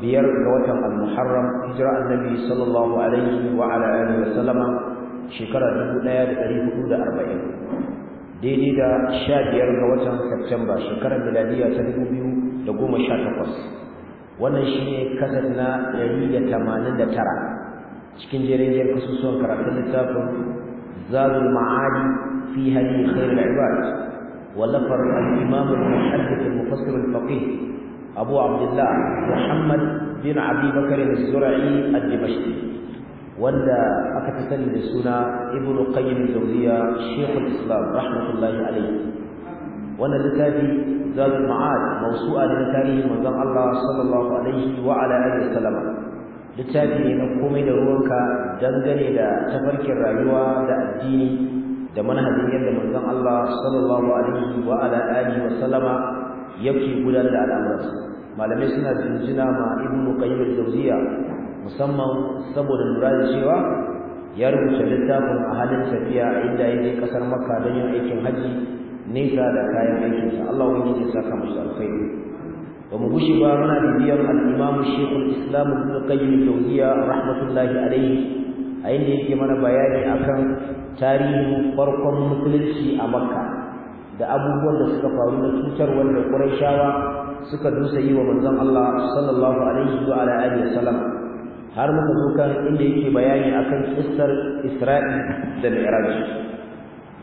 biyar ga watan al-muharram hijira annabi sallallahu alaihi wa ala alihi wa sallama shekara 1440 daidai da sha biyar ga watan Satumba shekarar miladiya ta 2018 wannan shi ne kasar na 189 cikin jerin jerin kasusuwan karatun littafin zadul ma'adi fi hadi al ibad wallafar al-imam al-muhaddith al-mufassir al-faqih أبو عبد الله محمد بن أبي بكر الزرعي الدمشقي ولا أكتسل لسنا ابن القيم الجوزية شيخ الإسلام رحمة الله عليه ولا لتابي زاد المعاد موسوعة لتاريه من ذن الله صلى الله عليه وعلى آله وسلم littafi na komai da ruwanka dangane da tafarkin rayuwa da addini da manhajin yadda manzon Allah sallallahu alaihi wa ala alihi wa sallama yake gudanar da al'amuransa malamai suna jinjina ma ibnu qayyim al-jawziya musamman saboda lura cewa ya rubuta littafin a halin tafiya inda yake kasar makka don yin aikin haji nesa da kayan aikinsa Allah wani ya saka masa alkhairi ba mu gushi ba muna bibiyar al imam shaykhul islam ibn qayyim al-jawziya rahmatullahi alayhi a inda yake mana bayani akan tarihin farkon musulunci a makka da abubuwan da suka faru na cutar wanda Qurayshawa suka dusa yi wa manzon Allah sallallahu alaihi wa ala alihi wasallam har muka zo kan inda yake bayani akan kissar Isra'i da Mi'raj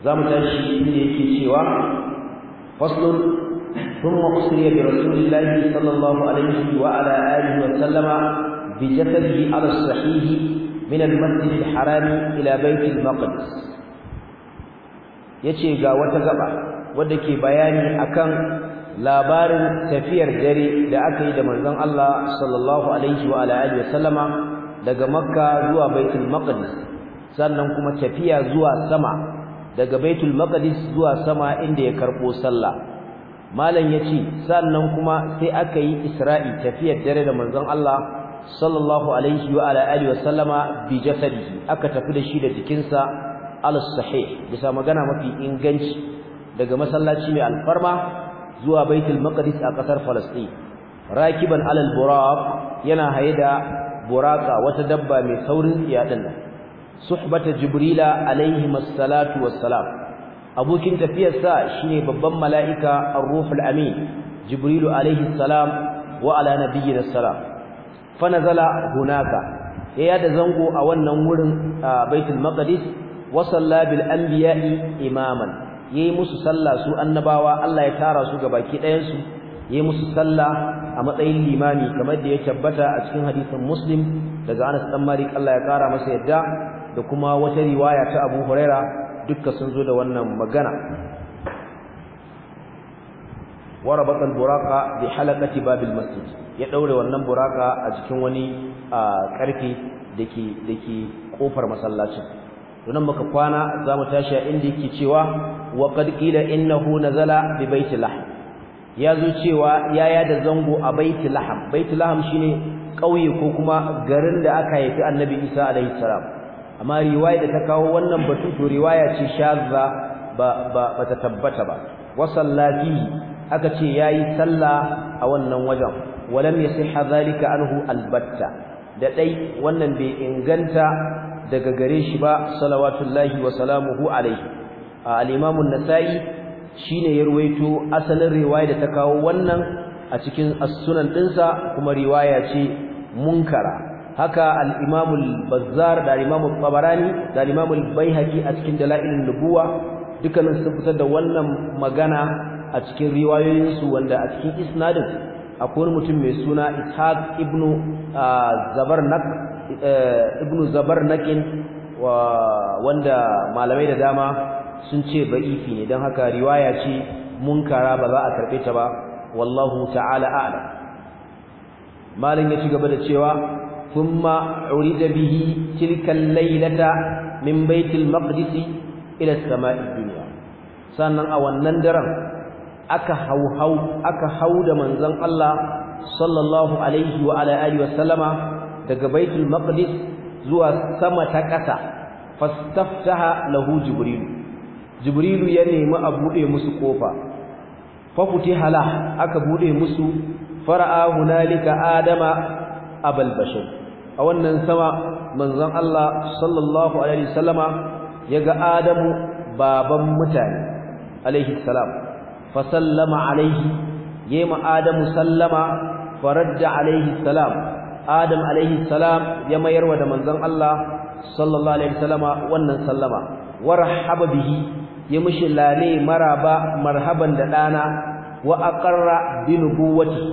zamu tashi inda yake cewa faslun thumma usriya bi rasulillahi sallallahu alaihi wa ala alihi wa sallama bi jasadihi ala sahih min al-masjid al-haram ila bayt al-maqdis yace ga wata gaba wadda ke bayani akan labarin tafiyar dare da aka yi da manzon Allah sallallahu alaihi wa alihi wasallama daga makka zuwa baitul maqdis sannan kuma tafiya zuwa sama daga baitul maqdis zuwa sama inda ya karbo sallah malam yace sannan kuma sai aka yi isra'i tafiyar dare da manzon Allah sallallahu alaihi wa alihi wasallama bi jasadihi aka tafi da shi da jikinsa al sahih bisa magana mafi inganci daga masallaci mai alfarma zuwa baitul maqdis a kasar falastin rakiban alal buraq yana haye da buraka wata dabba mai saurin tsiya nan suhbata jibrila alaihi masallatu wassalam abokin tafiyarsa shine babban mala'ika ar-ruhul amin jibrilu alaihi salam wa ala nabiyyina salam fa nazala hunaka ya da zango a wannan wurin baitul maqdis wa salla bil anbiya'i imaman yayi musu sallah su annabawa Allah ya tara su ga ɗayan su yayi musu sallah a matsayin limami kamar da ya tabbata a cikin hadisin Muslim daga Anas dan Malik Allah ya kara masa yadda da kuma wata riwaya ta Abu Huraira dukkan sun zo da wannan magana halaqati bab al Masjid ya daure wannan buraka a cikin wani karfi dake dake kofar masallacin tunan muka kwana zamu tashi a inda yake cewa wa qad qila innahu nazala bi baiti lahm zo cewa yaya da zango a baiti lahm baiti lahm shine kauye ko kuma garin da aka haifi annabi Isa alaihi salam amma riwaya da ta kawo wannan batu to riwaya ce shazza ba ba ta tabbata ba wa sallati aka ce yayi sallah a wannan wajen walam yasihha zalika anhu albatta da dai wannan bai inganta daga gare shi ba salawatullahi wa salamuhu alayhi. al-imam an-nasa'i shine ya ruwaito asalin riwaya da ta kawo wannan a cikin as-sunan dinsa kuma riwaya ce munkara haka al-imam al-bazzar da al-imam da al-imam al-baihaqi a cikin dalailin nubuwa dukkanin sun fitar da wannan magana a cikin riwayoyinsu wanda a cikin isnadin akwai mutum mai suna ishaq ibnu ah, zabarnak Eh, ibnu zabarnakin wanda malamai da dama sun ce ba'ifi ne don haka riwaya ce munkara ba za a karbe ta ba wallahu ta'ala a'lam malin ya ci gaba da cewa thumma urida bihi tilka laylata min baitil maqdis ila samai dunya sannan a wannan daren aka hauhau aka hau da manzon Allah sallallahu alaihi wa ala alihi wa sallama daga baitul maqdis zuwa sama ta ƙasa fastaftaha lahu jibrilu jibrilu ya nemi a bude musu kofa fa futihala aka bude musu fara'a hunalika adama abal bashar a wannan sama manzon Allah sallallahu alaihi wasallama yaga adamu baban mutane alaihi salam fa sallama alaihi yema adamu sallama faradda alaihi salam adam alaihi salam ya mayarwa da manzon Allah sallallahu alaihi wasallama wannan sallama warhaba bihi ya mishi lale maraba marhaban da dana wa aqarra bi nubuwati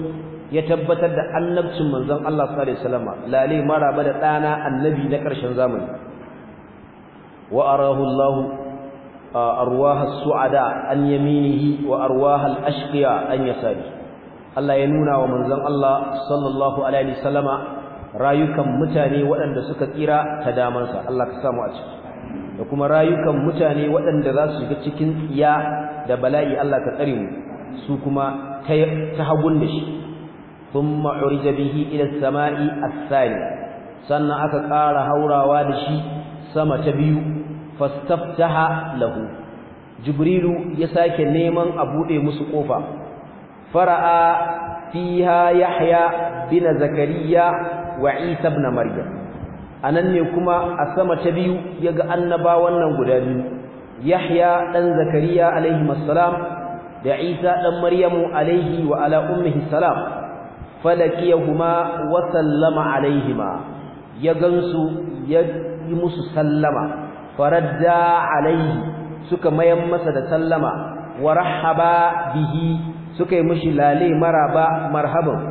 ya tabbatar da annabcin manzon Allah sallallahu alaihi wasallama lale maraba da dana annabi na karshen zamani wa arahu Allah arwah as-su'ada an yaminihi wa arwah al-ashqiya an yasarihi Allah ya nuna wa manzon Allah sallallahu alaihi wasallama rayukan mutane waɗanda suka tsira ta damarsa Allah ka samu a ciki da kuma rayukan mutane waɗanda za su shiga cikin tsiya da bala'i Allah ka tsare mu su kuma ta hagun da shi thumma urija bihi ila samai as-sani sannan aka ƙara haurawa da shi sama ta biyu fastaftaha lahu jibrilu ya sake neman a buɗe musu ƙofa fara'a fiha yahya bin zakariya wa isa ibn maryam anan ne kuma a sama ta biyu yaga annabawan nan guda biyu yahya dan zakariya alaihi assalam da isa dan maryamu alaihi wa ala ummihi salam falakiyahuma wa sallama alaihima Yagansu ya yi musu sallama faradda alaihi suka mayan masa da sallama wa rahaba bihi suka yi mishi lale maraba marhaban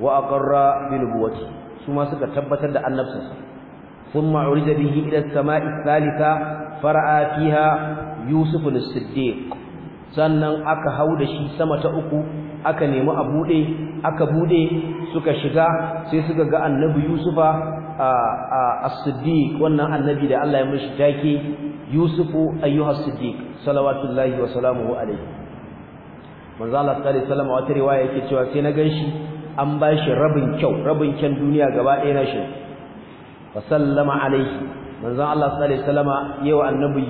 wa aqarra bil buwati su ma suka tabbatar da annabinsa thumma urida bihi ila samai thalitha fara'a fiha yusuf as-siddiq sannan aka da shi sama ta uku aka nemi a bude aka bude suka shiga sai suka ga annabi yusufa as-siddiq wannan annabi da Allah ya mishi take yusufu ayyuha as-siddiq salawatullahi wa salamuhu alayhi manzo Allah sallallahu alaihi wasallam wata riwaya yake cewa sai na ganshi an bashi rabin kyau rabin kyan duniya gaba ɗaya na shi fa sallama alaihi manzo Allah sallallahu alaihi wasallam yawa annabi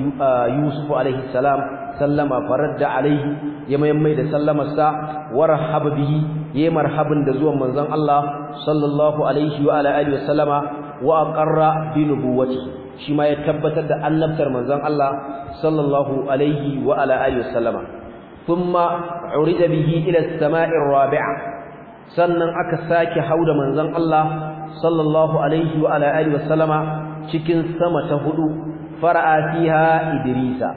Yusuf alaihi salam sallama faradda alaihi ya mayammai da sallama sa warhab bihi ya marhaban da zuwan manzon Allah sallallahu alaihi wa ala alihi wasallama wa aqarra bi nubuwwati shi ma ya tabbatar da annabtar manzon Allah sallallahu alaihi wa ala alihi wasallama thumma urida bihi ila sama'in rabia sannan aka sake da manzon Allah sallallahu alaihi wa cikin sama ta hudu fara'a fiha idrisa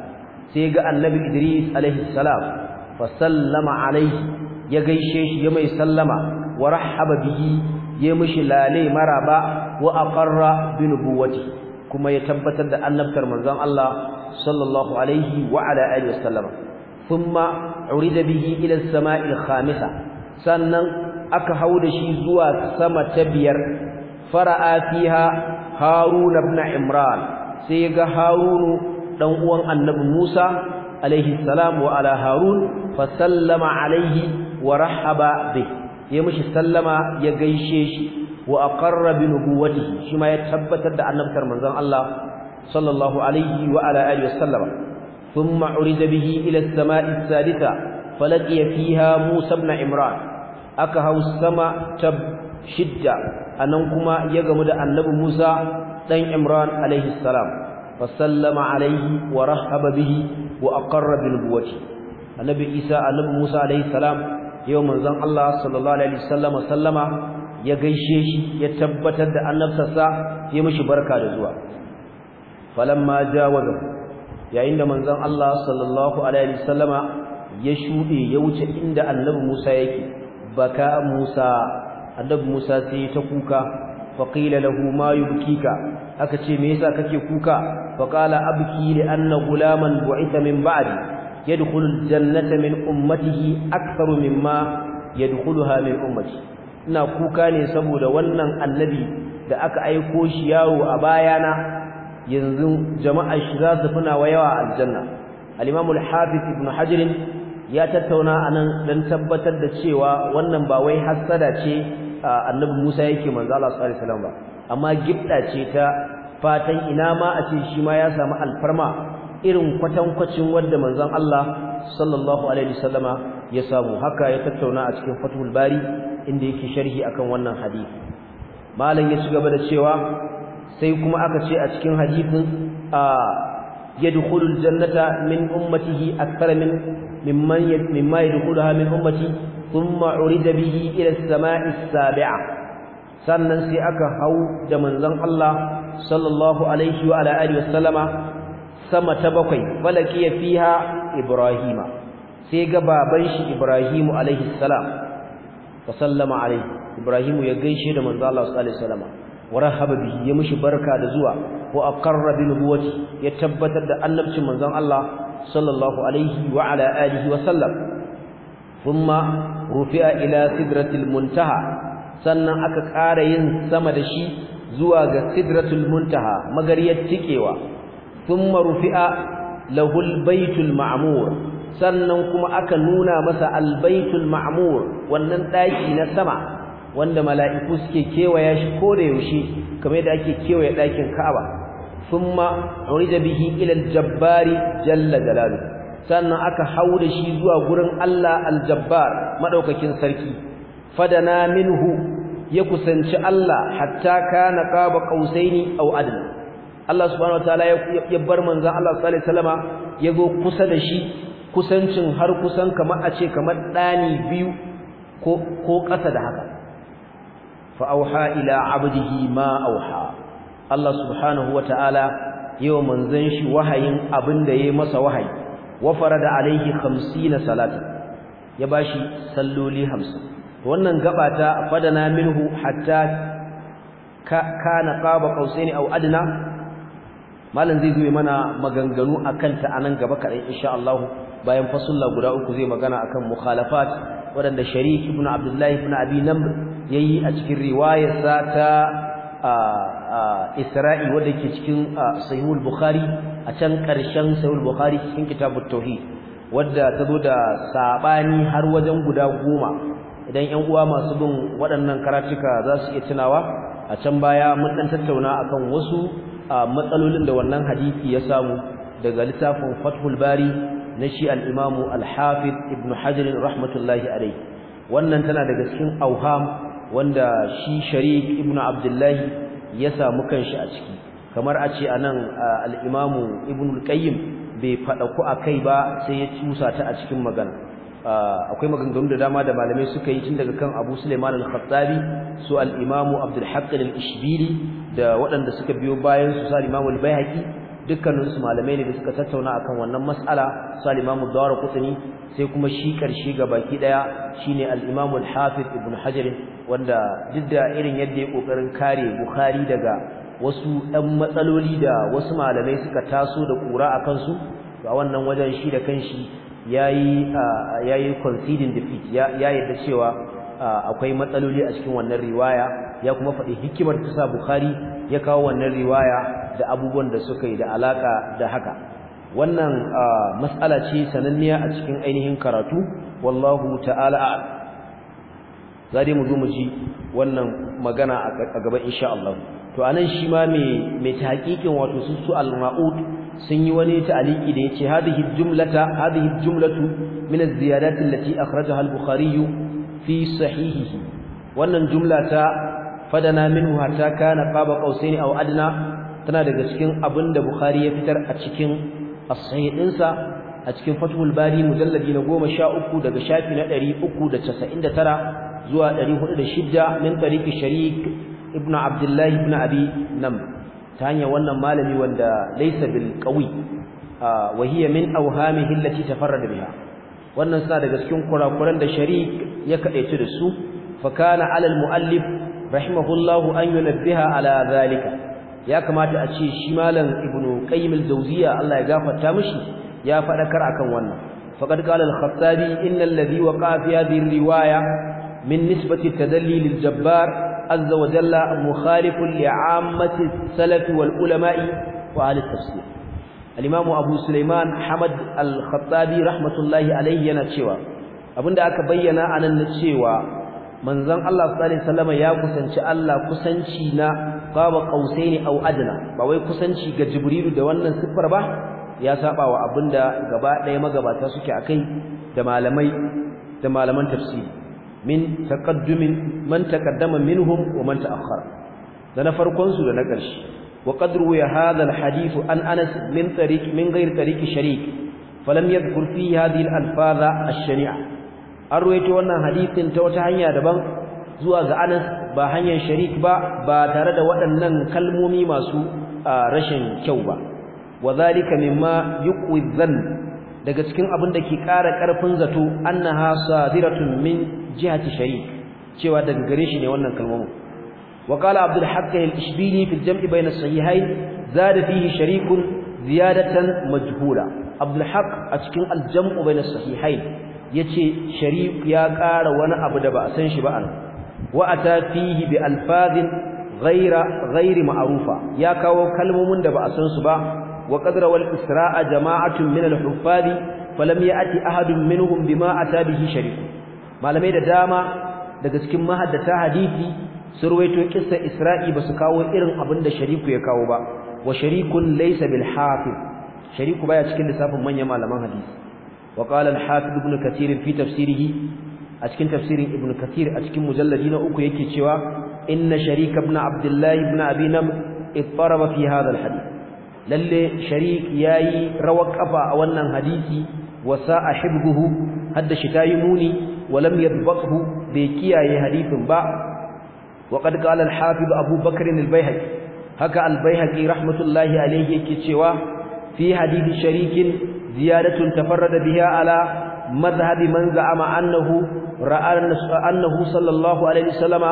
sai ga annabi idris alaihi salam fa sallama alaihi ya gaishe shi ya mai sallama wa rahaba bihi ya mishi lale maraba wa aqarra bi nubuwati kuma ya tabbatar da annabtar manzon Allah sallallahu alaihi thumma urida bihi ila as-sama'il khamisa sannan aka hauda shi zuwa sama ta biyar fara'a fiha harun ibn imran sai ga harunu dan uwan annabi musa alaihi salam wa ala harun fa sallama alaihi wa rahaba bi ya mishi sallama ya gaishe shi wa aqarra bi nubuwwatihi shi ma ya tabbatar da annabtar manzon Allah sallallahu alaihi wa ala alihi wasallama ثم عرج به إلى السماء الثالثة فلقي فيها موسى بن عمران أكهو السماء تب شدة أنكما يغمد النبي موسى بن عمران عليه السلام فسلم عليه ورحب به وأقر بنبوته النبي عيسى النبي موسى عليه السلام يوم أنزل الله صلى الله عليه وسلم وسلم ya gaishe shi ya tabbatar da annabsa sa ya mishi barka da zuwa falamma jawaza yayin da manzon Allah sallallahu alaihi wasallama ya shude ya wuce inda annabi Musa yake baka Musa annabi Musa sai ta kuka faqila lahu ma yubkika aka ce me yasa kake kuka faqala abki li anna gulaman bu'itha min ba'di yadkhulu aljannata min ummatihi aktharu mimma min ummati ina kuka ne saboda wannan annabi da aka aiko shi yawo a bayana yanzu jama'a shi za su fina wa yawa aljanna al-imam al-hafiz ibn hajar ya tattauna anan dan tabbatar da cewa wannan ba wai hasada ce annabi Musa yake manzo Allah sallallahu alaihi wasallam amma gibda ce ta fatan ina ma a ce shi ma ya samu alfarma irin kwatankwacin wanda manzon Allah sallallahu alaihi wasallama ya samu haka ya tattauna a cikin Fathul Bari inda yake sharhi akan wannan hadisi malam ya ci gaba da cewa sai kuma aka ce a cikin a hadisin min الجنة من أمته أكثر من ممن مما يدخلها من أمتي ثم عرض به إلى السماء السابعة sannan sai aka hau da manzon Allah sallallahu alaihi wa alihi wasallama sama ta bakwai falakiya fiha ibrahima sai ga baban shi ibrahimu alaihi salam wa sallama alaihi ibrahimu ya gaishe da manzon Allah sallallahu alaihi wasallama wa bihi ya mishi barka da zuwa ko aqarra bi ya tabbatar da annabcin manzon Allah sallallahu alaihi wa ala alihi wa sallam thumma rufi'a ila sidratil muntaha sannan aka ƙara yin sama da shi zuwa ga sidratul muntaha magariyar tikewa thumma rufi'a lahul baitul ma'mur sannan kuma aka nuna masa albaitul ma'mur wannan daki na sama wanda mala'iku suke kewaya shi ko da yaushe kamar yadda ake kewaye ɗakin Ka'aba thumma urida bihi ila al-jabbari jalla jalalu sannan aka da shi zuwa gurin Allah al-jabbar madaukakin sarki fadana minhu ya kusanci Allah hatta kana qaba qausaini aw adna Allah subhanahu wataala ya bar manzan Allah sallallahu alaihi wasallama yazo kusa da shi kusancin har kusan kamar a ce kamar ɗani biyu ko ko ƙasa da haka fa auha ila abdihi ma auha Allah subhanahu wataala yau manzan shi wahayin abin da yayi masa wahayi wa da alaihi 50 salata ya bashi salloli 50 wannan gabata fadana minhu hatta kana qaba qausaini aw adna Malam zai zuwe mana maganganu a kanta a nan gaba kaɗai, insha bayan fasulla guda uku zai magana akan mukhalafat wadanda sharik ibn abdullahi ibn abi namr yayi a cikin riwayarsa ta Isra'i wanda ke cikin Sahihul Bukhari a can ƙarshen Sahihul Bukhari cikin Kitabut Tauhid wanda ta zo da sabani har wajen guda goma idan ƴan uwa masu bin waɗannan karatuka za su iya tunawa a can baya mun dan tattauna akan wasu matsalolin da wannan hadisi ya samu daga littafin Fathul Bari na shi al-Imam al-Hafiz Ibn Hajar rahmatullahi alayhi wannan tana daga cikin auham wanda shi sharif Ibn abdullahi ya samu kanshi a ciki kamar a ce anan al-imamu Ibn al-qayyim bai fada ku akai ba sai ya tusa ta a cikin magana akwai maganganu da dama da malamai suka yi tun daga kan Abu Sulaiman al-Khattabi su al-imamu Abdul Haqq al-Ishbili da waɗanda suka biyo bayan su sa al-imamu al-Baihaqi dukkaninsu malamai ne da suka tattauna akan wannan mas'ala su al-imamu sai kuma shi karshe baki daya shine al-imamu al-Hafiz Ibn Hajar wanda jidda irin yadda ya kokarin kare Bukhari daga wasu ɗan matsaloli da wasu malamai suka taso da kura akan su to a wannan wajen shi da kanshi yayi ah, yayi conceding defeat ya da cewa ah, akwai matsaloli a cikin wannan riwaya ya kuma faɗi hikimar ta sa Bukhari ya kawo wannan riwaya da abubuwan da suka yi da alaka da haka wannan matsala ce sananniya a cikin ainihin karatu wallahu ta'ala Za zai mu zo mu ji wannan magana a gaba insha Allah to anan shi ma me me tahqiqin wato su su al-ma'ud sun yi wani ta'aliki da yace hadhihi jumlata hadhihi jumlatu min az-ziyadat allati akhrajaha al-bukhari fi sahihihi wannan jumla ta fadana minhu hatta kana qaba qausaini aw adna tana daga cikin abin da bukhari ya fitar a cikin as-sahih a cikin fathul bari mujalladi na 13 daga shafi na 399 zuwa 406 min tariqi sharik Ibn abdullah ibn abi nam ta hanyar wannan malami wanda laysa bil qawi wa hiya min awhamihi allati tafarrada biha wannan suna daga cikin kurakuran da sharik ya kadaice da su fa kana alal muallif rahimahullahu an yunabbiha ala zalika ya kamata a ce shi malam ibnu qayyim al-jawziya Allah ya gafarta mishi ya fadakar akan wannan faqad qala al-khattabi innal ladhi waqa'a fi hadhihi riwaya min nisbati tadalli lil-jabbar azza wa jalla mukhalifun li'ammati salaf wal-ulama'i wa ahli tafsir al-imam abu sulaiman hamad al-khattabi rahmatullahi alayhi yana cewa abinda aka bayyana anan na cewa manzon Allah sallallahu alaihi wasallam ya kusanci Allah kusanci na qaba qausaini aw adna ba wai kusanci ga jibrilu da wannan siffar ba ya saba wa abinda gaba ɗaya magabata suke akai da malamai da malaman tafsiri min taqaddumin man taqaddama minhum wa man ta'akhkhara da na farkon su da na ƙarshe وقد روي هذا الحديث عن أنس Tariq, طريق من غير طريق شريك فلم an ruwaito wannan hadisin ta wata hanya daban zuwa ga Anas ba hanyar sharik ba ba tare da waɗannan kalmomi masu rashin kyau ba wazalika mimma yuqwi daga cikin abin da ke ƙara ƙarfin zato annaha sadiratun min jihati sharik cewa daga gare shi ne wannan kalmomin وقال عبد الحق الاشبيلي في الجمع بين الصحيحين زاد فيه شريك زيادة مجهولة a cikin أسكن الجمع بين الصحيحين yace sharif ya ƙara wani abu da ba a san shi ba an wa ata fihi bi alfazin ma'rufa ya kawo kalmomin da ba a san su ba wa qadra wal isra'a jama'atun min al falam ya'ti ahadun minhum bima ata bihi sharif malamai da dama daga cikin mahaddata hadisi sun ruwaito kissa isra'i ba su kawo irin abin da ya kawo ba wa sharikun laysa bil hafiz shariku baya cikin lissafin manyan malaman hadisi وقال الحافظ ابن كثير في تفسيره اشكن تفسير ابن كثير اشكن مجلدين اوكو yake cewa ان شريك ابن عبد الله ابن ابي نم اضطرب في هذا الحديث للي شريك ياي روى قفا wannan hadisi wasa ahibuhu hadda shitayi muni walam yadbaqhu da kiyaye hadithin ba waqad qala al-hafiz abu bakr al-bayhaqi haka al-bayhaqi rahmatullahi alayhi yake cewa fi hadithi sharikin زيادة تفرد بها على مذهب من زعم أنه رأى أنه صلى الله عليه وسلم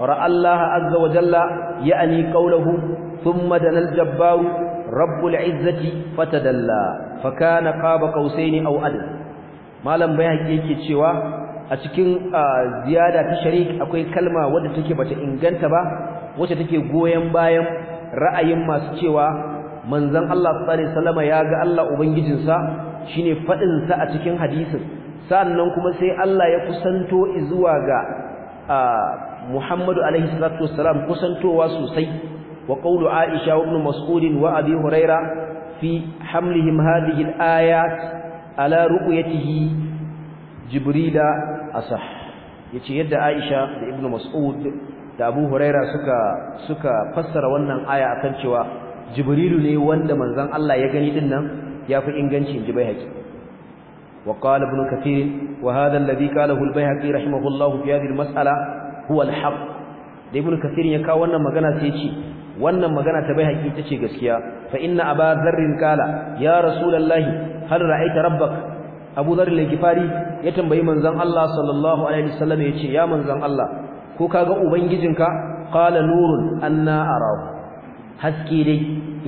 رأى الله عز وجل يعني قوله ثم دنا الجبار رب العزة فتدلى فكان قاب قوسين أو أدنى malam bayhaqi yake cewa a cikin ziyada ta sharik akwai kalma wadda take bata inganta ba wacce take goyen bayan ra'ayin masu cewa manzon Allah sallallahu alaihi wasallam ya ga Allah ubangijinsa shine fadin sa a cikin hadisin sannan kuma sai Allah ya kusanto zuwa ga Muhammadu alaihi salatu wassalam kusantowa sosai wa qawlu Aisha ibn Mas'ud wa Abi Huraira fi hamlihim hadhihi al-ayat ala ru'yatihi Jibril asah yace yadda Aisha da Ibn Mas'ud da Abu Huraira suka suka fassara wannan aya akan cewa jibrilu ne wanda manzon Allah ya gani dinnan yafi inganci ji baihaqi wa qala ibn kathir wa hadha alladhi qalahu al rahimahullahu fi hadhihi masala huwa al da ibn kathir ya kawo wannan magana sai ya wannan magana ta baihaqi tace gaskiya fa inna aba dharrin qala ya rasulullahi hal ra'aita rabbak abu dharr al-ghifari ya tambayi manzon Allah sallallahu alaihi wasallam ya ce ya manzon Allah ko kaga ubangijinka qala nurun anna arahu haske dai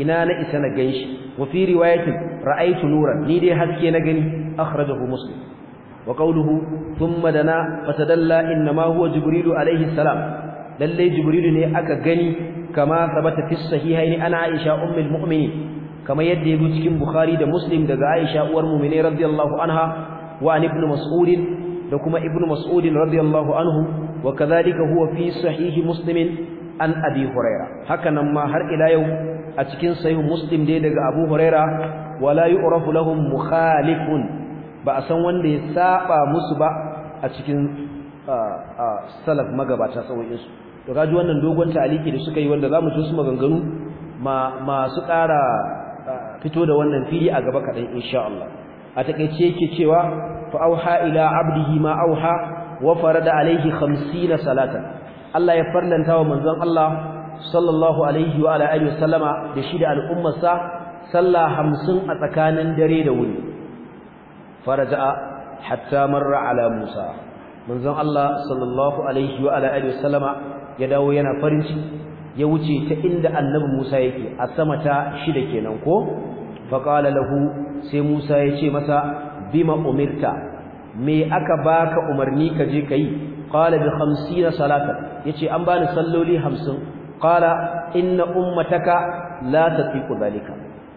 ina na isa na ganshi wa fi riwayatin ra'aytu nuran ni dai haske na gani akhrajahu muslim wa qawluhu thumma dana fatadalla inma huwa jibrilu alayhi salam lalle jibrilu ne aka gani kama sabata fi sahihaini ana aisha ummul mu'minin kama yadda yake cikin bukhari da muslim daga aisha uwar mu'mini radiyallahu anha wa an ibn mas'ud da kuma ibn mas'ud radiyallahu anhu wa kadhalika huwa fi sahihi muslimin an abi huraira haka nan ma har ila yau a cikin sahih muslim dai daga abu huraira wala yu'rafu lahum mukhalifun ba a san wanda ya saba musu ba a cikin salaf magabata su to ji wannan dogon taliki da suka yi wanda zamu ci su maganganu ma su ƙara fito da wannan fili a gaba kaɗan insha Allah a takeice yake cewa fa auha ila abdihi ma auha wa farada alaihi 50 salata. Allah ya farlanta wa manzon Allah sallallahu alaihi wa alihi wasallama da shi da al'ummarsa sallah 50 a tsakanin dare da wuni faraja'a hatta marra ala Musa manzon Allah sallallahu alaihi wa alihi wasallama ya dawo yana farin ciki ya wuce ta inda annabi Musa yake a sama ta shida kenan ko faqala lahu sai Musa ya ce masa bima umirta me aka baka umarni ka je kai qala bi 50 salatan yace an bani salloli 50 qala inna ummataka la tatiqu dalika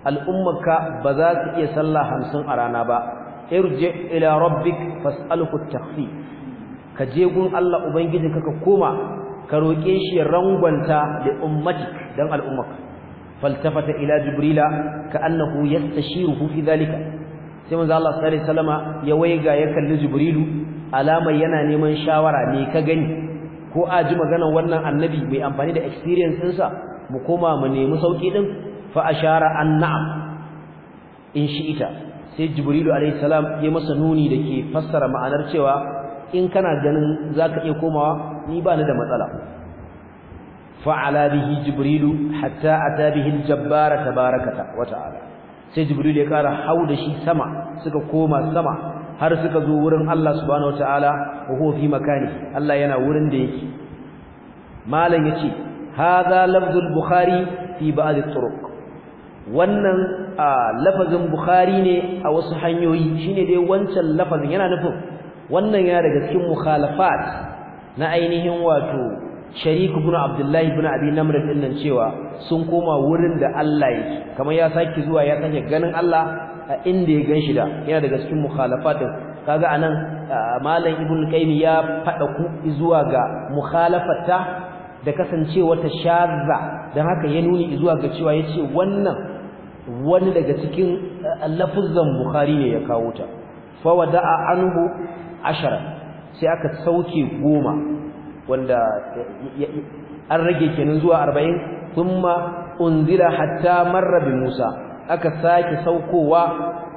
al'ummaka ba za su iya sallah 50 a rana ba irji ila rabbik fas'alhu at-takhfif ka je gun Allah ubangiji ka koma ka roke shi ya rangwanta da ummatik dan al'ummaka faltafata ila jibrila ka'annahu yastashiruhu fi dhalika sai manzo Allah sallallahu alaihi wasallama ya waiga ya kalli jibrilu alamar yana neman shawara me ka gani ko a ji maganar wannan annabi mai amfani da experience ɗinsa mu koma mu nemi sauƙi ɗin fa ashara na'am in shi ita sai jibrilu a.s ya masa nuni da ke fassara ma'anar cewa in kana ganin za ka iya komawa ni ba ni da matsala fa'ala bihi jibrilu hatta ata bihi aljabbara ta wa ta'ala sai jibrilu ya kara Hau da shi sama suka koma sama har suka zo wurin Allah subhanahu wataala wa huwa fi makani Allah yana wurin da yake malam yace hadha lafzul bukhari fi ba'd turuq wannan lafazin bukhari ne a wasu hanyoyi shine dai wancan lafazin yana nufin wannan yana daga cikin mukhalafat na ainihin wato Shariku ibn abdullahi ibn abi namr din cewa sun koma wurin da Allah yake kamar ya saki zuwa ya sake ganin Allah a inda ya ganshi da yana daga cikin mukhalafatin kaga anan malam ibnu qayyim ya fada ku zuwa ga mukhalafata da kasancewa ta shazza dan haka ya nuni zuwa ga cewa yace wannan wani daga cikin lafuzan bukhari ne ya kawo ta fa wada'a anhu ashara sai aka sauke goma wanda an rage kenan zuwa 40 thumma unzila hatta marra bi musa aka sake saukowa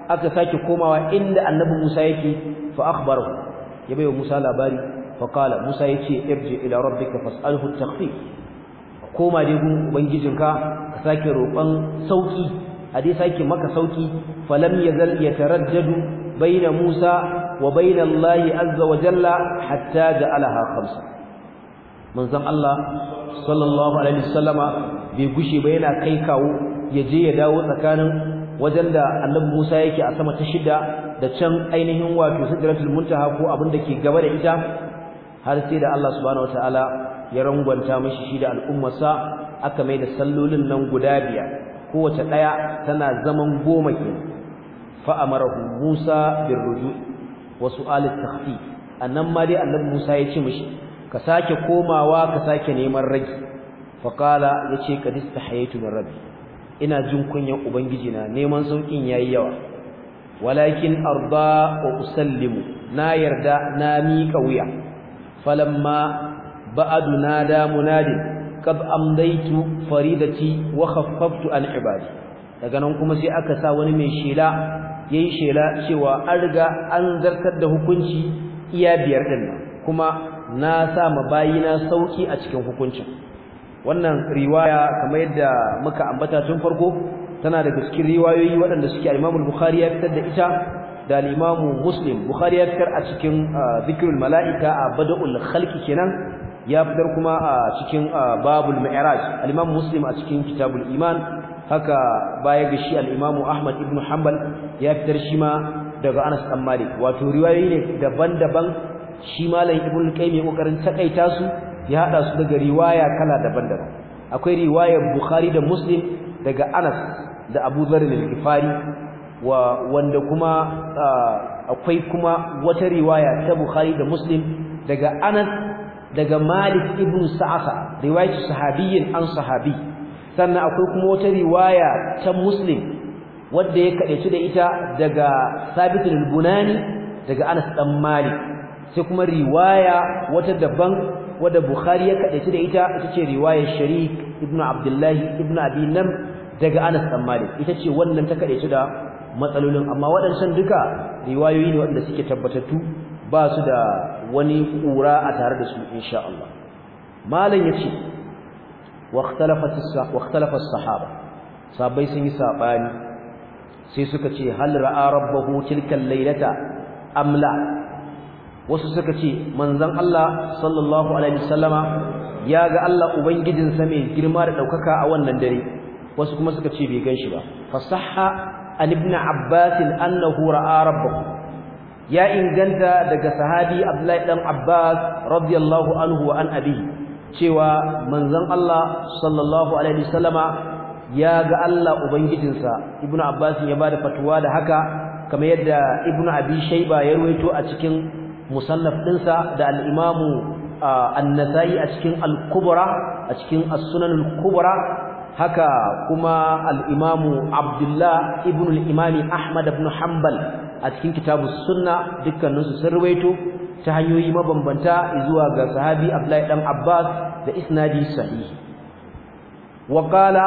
aka sake komawa inda annabi Musa yake fa akhbarahu ya bayo Musa labari fa qala Musa yace irji ila rabbika fas'alhu at-takhfif koma dai gun ubangijinka ka sake roƙon sauki hadisi sake maka sauki lam yazal yatarajjadu baina Musa wa baina Allah azza wa jalla hatta ja'alaha khamsa manzon Allah sallallahu alaihi wasallama bai gushe ba yana kai kawo ya je ya dawo tsakanin wajen da annabi Musa yake a sama ta shida da can ainihin wato sidratul muntaha ko abin da ke gaba da ita har sai da Allah subhanahu wataala ya rangwanta mishi shi da al'ummarsa aka mai da sallolin nan guda biyar kowace ɗaya tana zaman goma ke fa amarahu Musa birruju wa su'al at-takhfif annan ma dai annabi Musa ya ce mishi ka sake komawa ka sake neman rage fa qala yace kadista hayatu min rabbi ina jin kunyan ubangiji na neman saukin yayi yawa walakin arda wa usallimu na yarda na mika wuya falamma ba'adu nada munadi qad amdaitu faridati wa khaffaftu an ibadi daga nan kuma sai aka sa wani mai shela yayi shela cewa an riga an zartar da hukunci iya biyar din kuma na sa ma bayina sauki a cikin hukuncin wannan riwaya kamar yadda muka ambata tun farko tana daga cikin riwayoyi waɗanda suke Imam Bukhari ya fitar da ita da Imam Muslim Bukhari ya fitar a cikin zikrul Malaika a Bada'ul Khalqi kenan ya fitar kuma a cikin Babul Mi'raj Imam Muslim a cikin Kitabul Iman haka baya ga shi al-Imam Ahmad ibn Hanbal ya fitar shi ma daga Anas bin Malik wato riwayoyi ne daban-daban shi malam Ibn Qayyim ya kokarin takaita su ya hada su daga riwaya kala daban-daban akwai riwayar bukhari da muslim daga anas da abu dharr al kifari wa wanda kuma ah, akwai kuma wata riwaya ta bukhari da muslim daga anas daga malik ibn sa'asa ta sahabiyin an sahabi sannan akwai kuma wata riwaya ta muslim wadda ya kadaici da ita daga sabit al-bunani daga anas dan malik sai kuma riwaya wata daban wadda bukhari ya kadaici da ita ita ce riwayar sharik ibn abdullahi ibn abi nam daga anas dan malik ita ce wannan ta kadaici da matsalolin amma waɗancan duka riwayoyi ne waɗanda suke tabbatattu ba su da wani kura a tare da su insha Allah malam yace wa as-sahaba wa as-sahaba sabai sun yi sabani sai suka ce hal ra'a rabbahu tilka Laylata lailata amla wasu suka ce manzon Allah sallallahu alaihi wasallama ya ga Allah ubangijinsa mai girma da daukaka a wannan dare wasu kuma suka ce bai ganshi ba fasaha an ibn abbas annahu ra'a rabbahu ya inganta daga sahabi abdullahi dan abbas radiyallahu anhu wa an abi cewa manzon Allah sallallahu alaihi wasallama ya ga Allah ubangijinsa ibn abbas ya bada fatuwa da haka kamar yadda ibn abi shayba ya ruwaito a cikin Musallaf ɗinsa da al'imamu annasai a cikin al-kubra a cikin as-sunan al-kubra haka kuma al-imamu abdullah ibn al-imami ahmad ibn hanbal a cikin kitabu sunna dukkaninsu sun ta hanyoyi mabambanta zuwa ga sahabi abdullahi dan abbas da isnadi sahih wa qala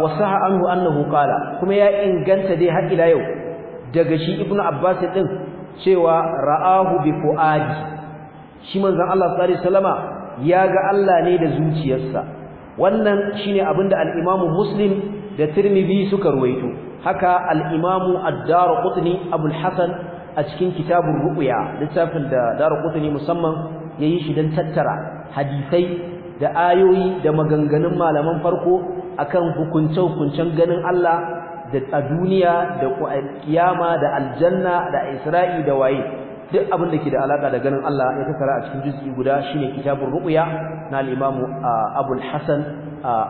wa saha annahu qala kuma ya inganta dai har ila yau daga shi ibnu abbas din cewa ra'ahu bi fuadi shi manzon Allah sallallahu alaihi wasallama ya ga Allah ne da zuciyarsa wannan shine abinda al-Imam Muslim da Tirmidhi suka ruwaito haka al-Imam Ad-Darqutni Abu al-Hasan a cikin kitabun ruqya littafin da Darqutni musamman yayi shi dan tattara hadisai da ayoyi da maganganun malaman farko akan hukunce-hukuncen ganin Allah Da a duniya da kiyama da aljanna da isra'i da waye duk abin da ke da alaka da ganin Allah ya tsara a cikin juz'i guda shine kitabun ruqya na al-imamu Abu al-Hasan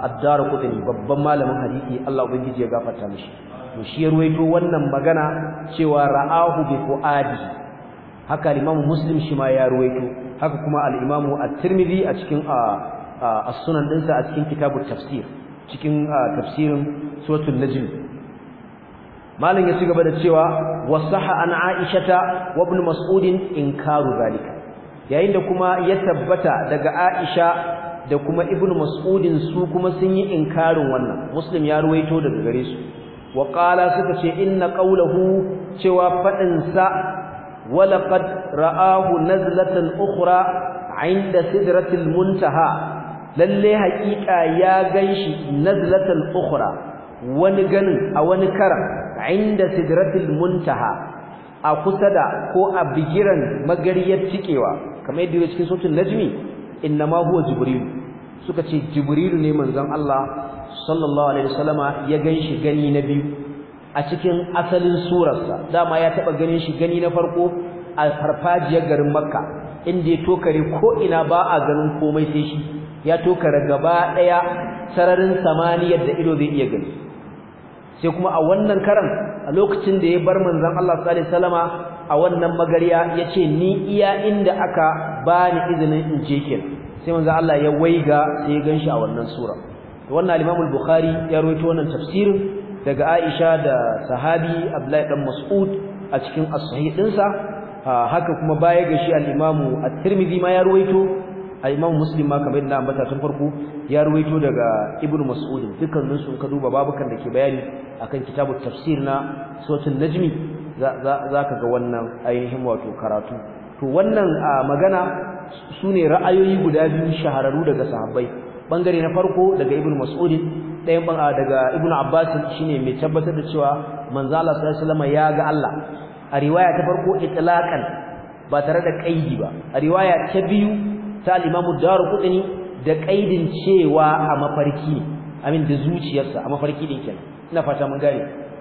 ad-Darqutni babban malamin hadisi Allah ubangiji ya gafarta mishi to shi ya ruwaito wannan magana cewa ra'ahu bi fuadi haka al-imamu Muslim shi ma ya ruwaito haka kuma al-imamu at-Tirmidhi a cikin as-sunan dinsa a cikin kitabut tafsir cikin tafsirin suratul najm malam ya ci gaba da cewa wasaha an aishata wa ibn mas'ud inkaru zalika yayin da kuma ya tabbata daga aisha da kuma ibn mas'ud su kuma sun yi inkarin wannan muslim ya ruwaito daga gare su wa qala suka ce inna qawluhu cewa fadin sa laqad ra'ahu nazlatan ukhra 'inda sidratil muntaha lalle haƙiƙa ya ganshi nazlatan ukhra wani ganin a wani karan inda sidratul muntaha a kusa da ko a bigiran magariyar cikewa kamar yadda yake cikin suratul najmi ma huwa jibril suka ce jibril ne manzon Allah sallallahu alaihi wasallama ya ganshi gani na biyu a cikin asalin surarsa dama ya taba ganin shi gani na farko a farfajiyar garin makka inda ya tokare ko ina ba a ganin komai sai shi ya tokare gaba daya sararin samaniyar da ido zai iya gani sai kuma a wannan karan a lokacin da ya bar manzon Allah sallallahu alaihi a wannan magariya yace ni iya inda aka bani izinin in je ke sai manzan Allah ya waiga sai ya ganshi a wannan sura wannan al-Imam al-Bukhari ya rawaito wannan tafsirin daga Aisha da sahabi Abdullahi dan Mas'ud a cikin as-sahih dinsa ah, haka kuma baya ga shi al-Imam at-Tirmidhi ma ya rawaito al-Imam Muslim ma kamar yadda ambata tun farko ya ruwaito daga Ibn Mas'ud dukkanin su ka duba babukan da ke bayani akan kitabut tafsir na suratul Najmi za ka ga wannan ainihin wato karatu to wannan magana sune ra'ayoyi guda biyu shahararru daga sahabbai bangare na farko daga Ibn Mas'ud dayan ban daga Ibn Abbas shine mai tabbatar da cewa manzo Allah sallallahu alaihi wasallam ya ga Allah a riwaya ta farko itlaqan ba tare da kaidi ba a riwaya ta biyu ta al-imamu daruqutni da kaidin cewa a mafarki amin da zuciyarsa a mafarki din kenan ina fata mun gane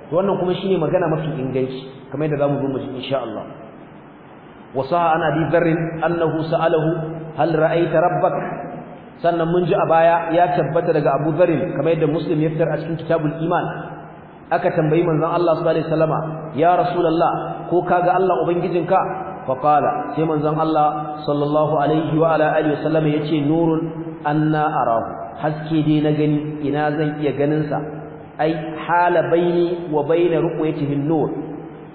to wannan kuma shine magana mafi inganci kamar yadda zamu zo mu ji insha Allah wasaha ana bi dharrin annahu sa'alahu hal ra'aita rabbak sannan mun ji a baya ya tabbata daga Abu Dharr kamar yadda Muslim ya fitar a cikin kitabul iman aka tambayi manzon Allah sallallahu alaihi wasallama ya rasulullah ko kaga Allah ubangijinka faqala sai manzon Allah sallallahu alaihi wa ala alihi wasallam yace nurun anna arahu haske dai na gani ina zan iya ganin sa ai hala baini wa baina ruqyatihi nur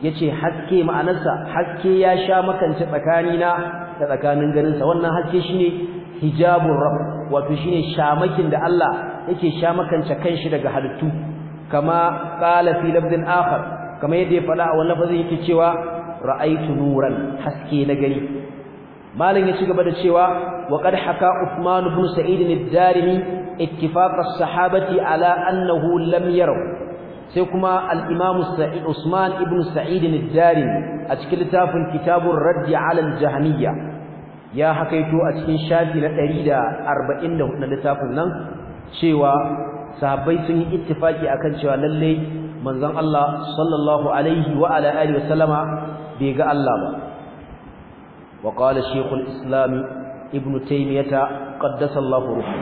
yace haske ma'anarsa haske ya sha makance tsakanina da tsakanin ganin sa wannan haske shine hijabur rabb wato shine shamakin da Allah yake shamakance kanshi daga halittu kama qala fi lafdin akhar kama yadda ya fada a wannan fazin yake cewa ra'aytu nuran haske na gari malam ya ci gaba da cewa wa qad haka usman ibn Sa'id ad-Darimi ittifaq as-sahabati ala annahu lam yaraw sai kuma al-Imam Sa'id Usman ibn Sa'id ad-Darimi a cikin littafin Kitabur Radd 'ala al-Jahmiyya ya hakaito a cikin shafi na 144 na littafin nan cewa sahabbai sun yi ittifaki akan cewa lalle manzon Allah sallallahu alaihi wa ala alihi wa sallama bai ga Allah ba wa qala shaykhul islam ibn taymiyah qaddasallahu ruhu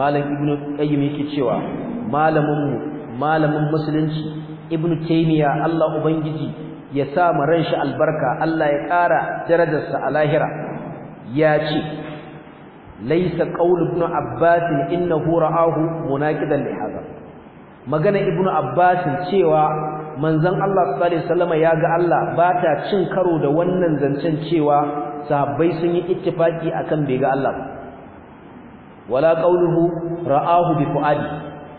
malam ibn qayyim yake cewa malamin malamin musulunci ibnu taimiya Allah ubangiji ya sa ma ran shi albarka Allah ya ƙara darajarsa a lahira ya ce laysa qawl ibn abbas innahu ahu munaqidan li hadha magana ibn abbas cewa manzon Allah sallallahu alaihi wasallam ya ga Allah ba ta cin karo da wannan zancen cewa sahabbai sun yi ittifaki akan bai ga Allah ba wala qauluhu ra'ahu bi fuadi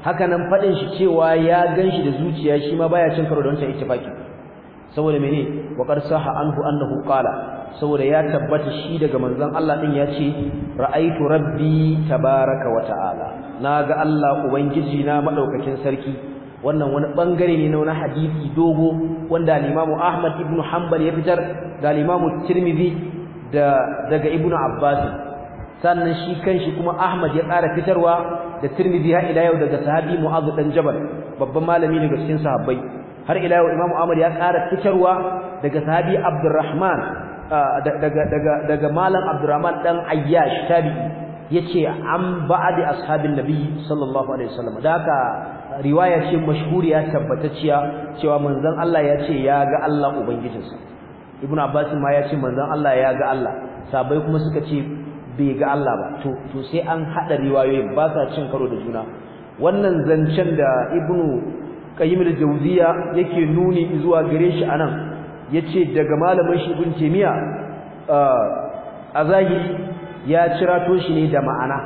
haka nan fadin shi cewa ya ganshi da zuciya shi ma baya cin karo da wannan ittifaki saboda mene wa qad saha anhu annahu qala saboda ya tabbata shi daga manzon Allah din ya ce ra'aitu rabbi tabaraka wa ta'ala naga Allah ubangiji na madaukakin sarki wannan wani bangare ne na wani hadisi dogo wanda al-Imam Ahmad ibn Hanbal ya fitar da al-Imam Tirmidhi da daga Ibn Abbas sannan shi kanshi kuma Ahmad ya tsara fitarwa da Tirmidhi har ila yau daga sahabi Mu'adh dan Jabal babban malami daga cikin sahabbai har ila yau Imam Ahmad ya tsara fitarwa daga sahabi Abdurrahman daga daga daga malam Abdurrahman dan Ayyash tabi'i yace an ba'di ashabin nabi sallallahu alaihi wasallam da haka riwaya ce ya tabbatacciya cewa manzon Allah ya ce ya ga Allah ubangijinsa ibnu abbas ma ya ce manzon Allah ya ga Allah sabai kuma suka ce bai ga Allah ba to to sai an hada riwayoyin ba sa cin karo da juna wannan zancen da ibnu qayyim al-jawziya yake nuni zuwa gare shi anan yace daga malamin shi ibn jami'a a zahiri ya cira to shi ne da ma'ana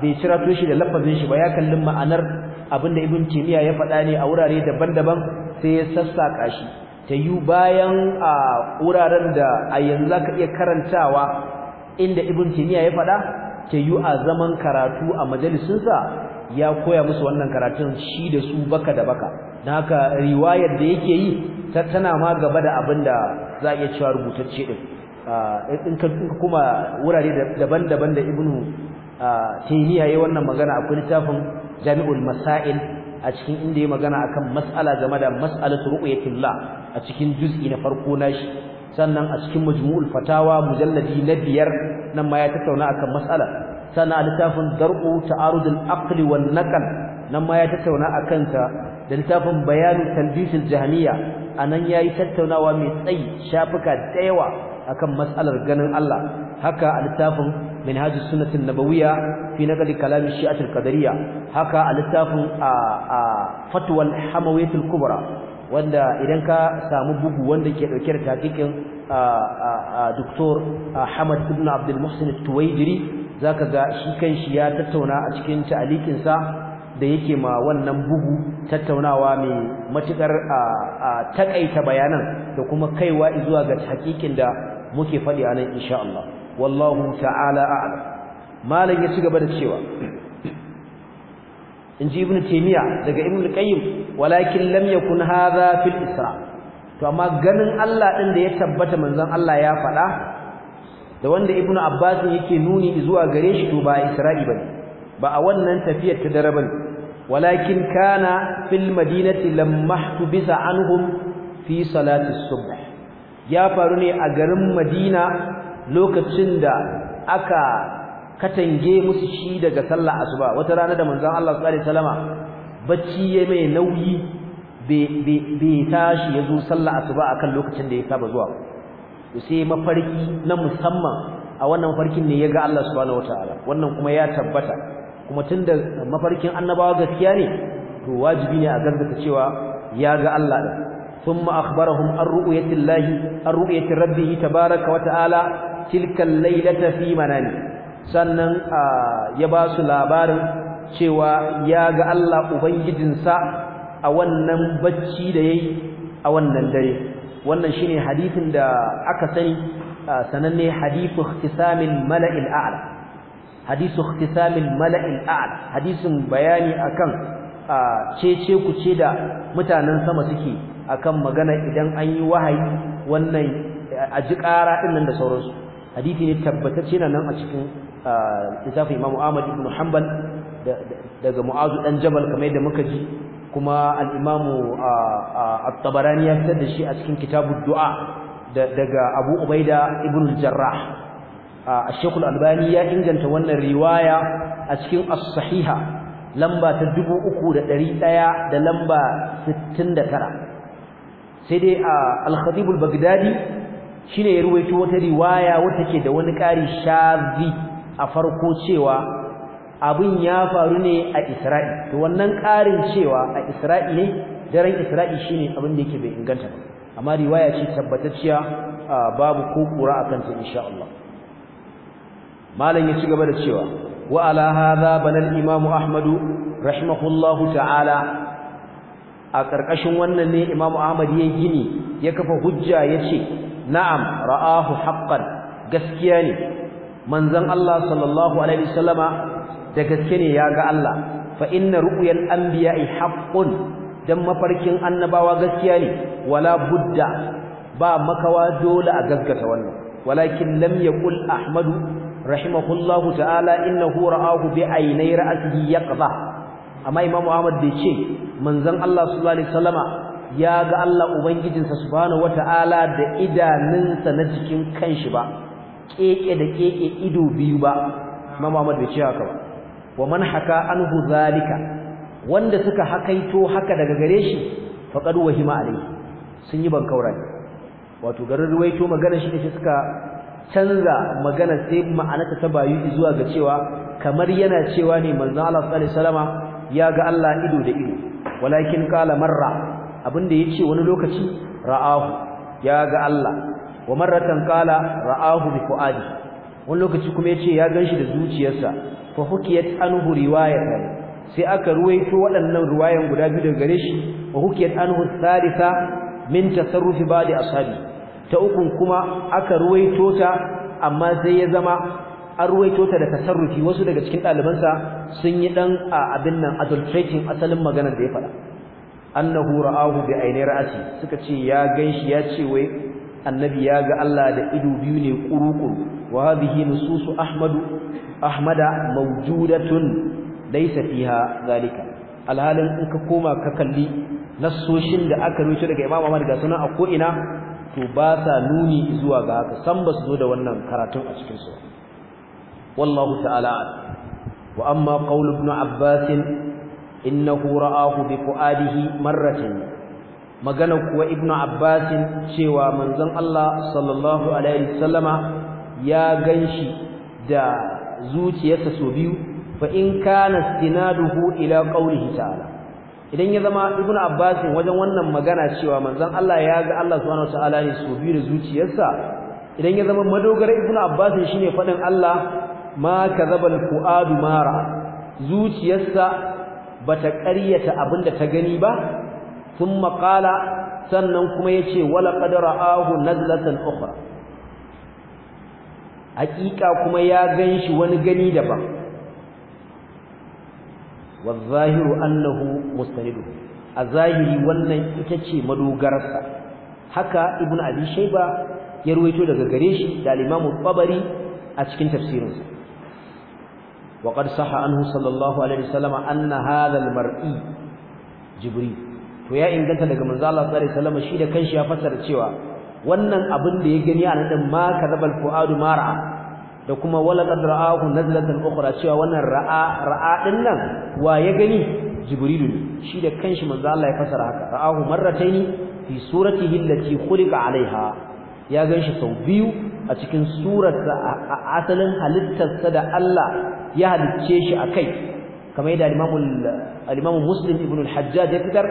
bai cira to shi da lafazin shi ba ya kallin ma'anar abinda ibn timiya ya faɗa ne a wurare daban-daban sai ya sassaka shi ta yi bayan a wuraren da a yanzu za ka iya karantawa inda ibn timiya ya faɗa ta yi a zaman karatu a majalisinsa ya koya musu wannan karatun shi da su baka da baka don haka riwayar da yake yi ta tana ma gaba da abin da za a iya cewa rubutacce din in ka kuma wurare daban-daban da ibnu ya yi wannan magana akwai littafin jami'ul masail a cikin inda ya magana akan mas'ala game da mas'alatu ru'yatullah a cikin juz'i na farko nashi sannan a cikin majmu'ul fatawa mujalladi na biyar nan ma ya tattauna akan mas'ala sannan a littafin dar'u ta'arudul aqli wan naql nan ma ya tattauna akan ta da littafin bayanu talbisil jahmiya anan yayi tattaunawa mai tsayi shafuka da yawa akan mas'alar ganin Allah haka a littafin minhaj as-sunnah nabawiyya fi naql kalam shi'at qadariyya haka a littafin a al-hamawiyyah kubra wanda idan ka samu bugu wanda ke dauke da takikin doktor Ahmad ibn Abdul Muhsin Tuwaidiri zaka ga shi kanshi ya tattauna a cikin ta'alikin sa da yake ma wannan bugu tattaunawa mai matukar takaita bayanan da kuma kaiwa zuwa ga hakikin da muke faɗi a insha Allah wallahu ta'ala a'lam malam ya ci gaba da cewa in ji ibnu taymiya daga ibnu qayyim walakin lam yakun hadha fil isra to amma ganin Allah din da ya tabbata manzon Allah ya faɗa da wanda ibnu abbas yake nuni zuwa gare shi to ba isra'i bane ba a wannan tafiyar ta dare walakin kana fil madinati lamma bisa anhum fi salati subh ya faru ne a garin madina lokacin da aka katange musu shi daga sallah asuba wata rana da manzon Allah sallallahu alaihi wasallam bacci ya mai nauyi bai tashi yazo zo sallah asuba akan lokacin da ya saba zuwa sai mafarki na musamman a wannan mafarkin ne ya Allah subhanahu wataala wannan kuma ya tabbata kuma tunda mafarkin annabawa gaskiya ne to wajibi ne a gaskata cewa ya ga Allah din ثم أخبرهم الرؤية الله الرؤية ربه تبارك وتعالى tilkan laylata fi manani sannan ya ba su labarin cewa ya ga Allah ubangijinsa a wannan bacci da yayi a wannan dare wannan shine hadisin da aka sani sananne hadithu ikhtisamil mala'il a'la hadithu ikhtisamil mala'il a'la hadisin bayani akan cece ku ce da mutanen sama suke akan magana idan an yi wahayi wannan a ji ƙara ɗin nan da sauransu hadisi ne tabbatacce yana nan a cikin littafin Imam Ahmad ibn Hanbal daga Mu'azu dan Jabal kamar yadda muka ji kuma al-Imam at-Tabarani ya fitar da shi a cikin kitabud du'a daga Abu Ubaida ibn al Sheikh al-Albani ya inganta wannan riwaya a cikin as-sahiha lamba ta 3100 da lamba 69 sai dai al-Khatib al-Baghdadi shine ya ruwaito wata riwaya wata ke da wani ƙari shazi a farko cewa abin ya faru ne a Isra'i to wannan ƙarin cewa a Isra'i ne daren Isra'i shine abin da yake bai inganta ba amma riwaya ce tabbatacciya babu ko kura akan ta insha Allah malam ya ci gaba da cewa wa ala hadha banal imamu ahmadu rahimahullahu ta'ala a ƙarƙashin wannan ne imamu ahmad ya gini ya kafa hujja ya ce na'am ra'ahu haqqan gaskiya ne manzon Allah sallallahu alaihi wasallama da gaske ne ya ga Allah fa inna ru'yal anbiya'i haqqun dan mafarkin annabawa gaskiya ne wala budda ba makawa dole a gaskata wannan walakin lam yaqul ahmadu rahimahullahu ta'ala innahu ra'ahu bi aynai ra'sihi yaqza amma Imam ahmad bai ce manzon Allah sallallahu alaihi wasallama ya ga Allah ubangijinsa subhanahu wataala da idanunsa na jikin kanshi ba keke da keke ido biyu ba Imam Ahmad bai ce haka ba wa man haka anhu zalika wanda suka hakaito haka daga gare shi faqad wahima alayhi sun yi ban kaurai wato garin ruwaito magana shi ne suka canza magana sai ma'anarta ta bayu zuwa ga cewa kamar yana cewa ne manzo Allah sallallahu alaihi ya ga Allah ido da ido walakin qala marra abinda yake wani lokaci ra'ahu ya ga Allah wa marratan qala ra'ahu bi fuadi wani lokaci kuma yace ya ganshi da zuciyarsa fa hukiyat anhu riwayatan sai aka ruwaito waɗannan riwayan guda biyu daga gare shi wa hukiyat anhu thalitha min tasarrufi ba'di ashabi ta ukun kuma aka ruwaito ta amma sai ya zama an ruwaito ta da tasarrufi wasu daga cikin ɗalibansa sun yi dan abin nan adulterating asalin maganar da ya faɗa annahu ra'ahu bi ayni ra'si suka ce ya ganshi ya ce wai annabi ya ga Allah da ido biyu ne kurukuru wa hadhihi nususu ahmadu ahmada mawjudatun laysa fiha zalika alhalin in ka koma ka kalli nassoshin da aka rubuta daga Imam Ahmad ga sunan a ko ina to ba sa nuni zuwa ga haka san ba su zo da wannan karatun a cikin su wallahu ta'ala wa amma qaul ibn abbas innahu ra'ahu bi fuadihi marratan magana kuwa ibnu abbas cewa manzon Allah sallallahu alaihi wasallama ya ganshi da zuciyarsa so biyu fa in kana istinaduhu ila qawlihi ta'ala idan ya zama ibnu abbas wajen wannan magana cewa manzon Allah ya ga Allah subhanahu wataala ne so biyu da zuciyarsa idan ya zama madogara ibnu abbas shine fadin Allah ma kadhabal fuadu mara zuciyarsa bata ƙaryata abin da ta gani ba sun maƙala, sannan kuma ya yace wala ahu na nazlatan ukhra haƙiƙa kuma ya gan shi wani gani daban wazahiru annahu mustanidu a zahiri wannan ita ce madogararsa haka ibn abi Shaiba ya ruwaito daga gare shi da al babari a cikin tafsirinsa وقد صح عنه صلى الله عليه وسلم أن هذا المرئي جبريل to ya inganta daga manzo Allah sallallahu alaihi wasallam shi da kanshi ya fassara cewa wannan abin da ya gani a nan ma kadabal fuadu mara da kuma wala qad ra'ahu nazlatan ukhra cewa wannan ra'a ra'a din nan wa ya gani jibrilu ne shi da kanshi manzo Allah ya fassara haka ra'ahu marrataini fi suratihi allati khuliqa alaiha ya ganshi sau biyu a cikin surarsa asalin halittarsa da Allah ya halicce shi kai kamar yadda al Muslim ibn al ya fitar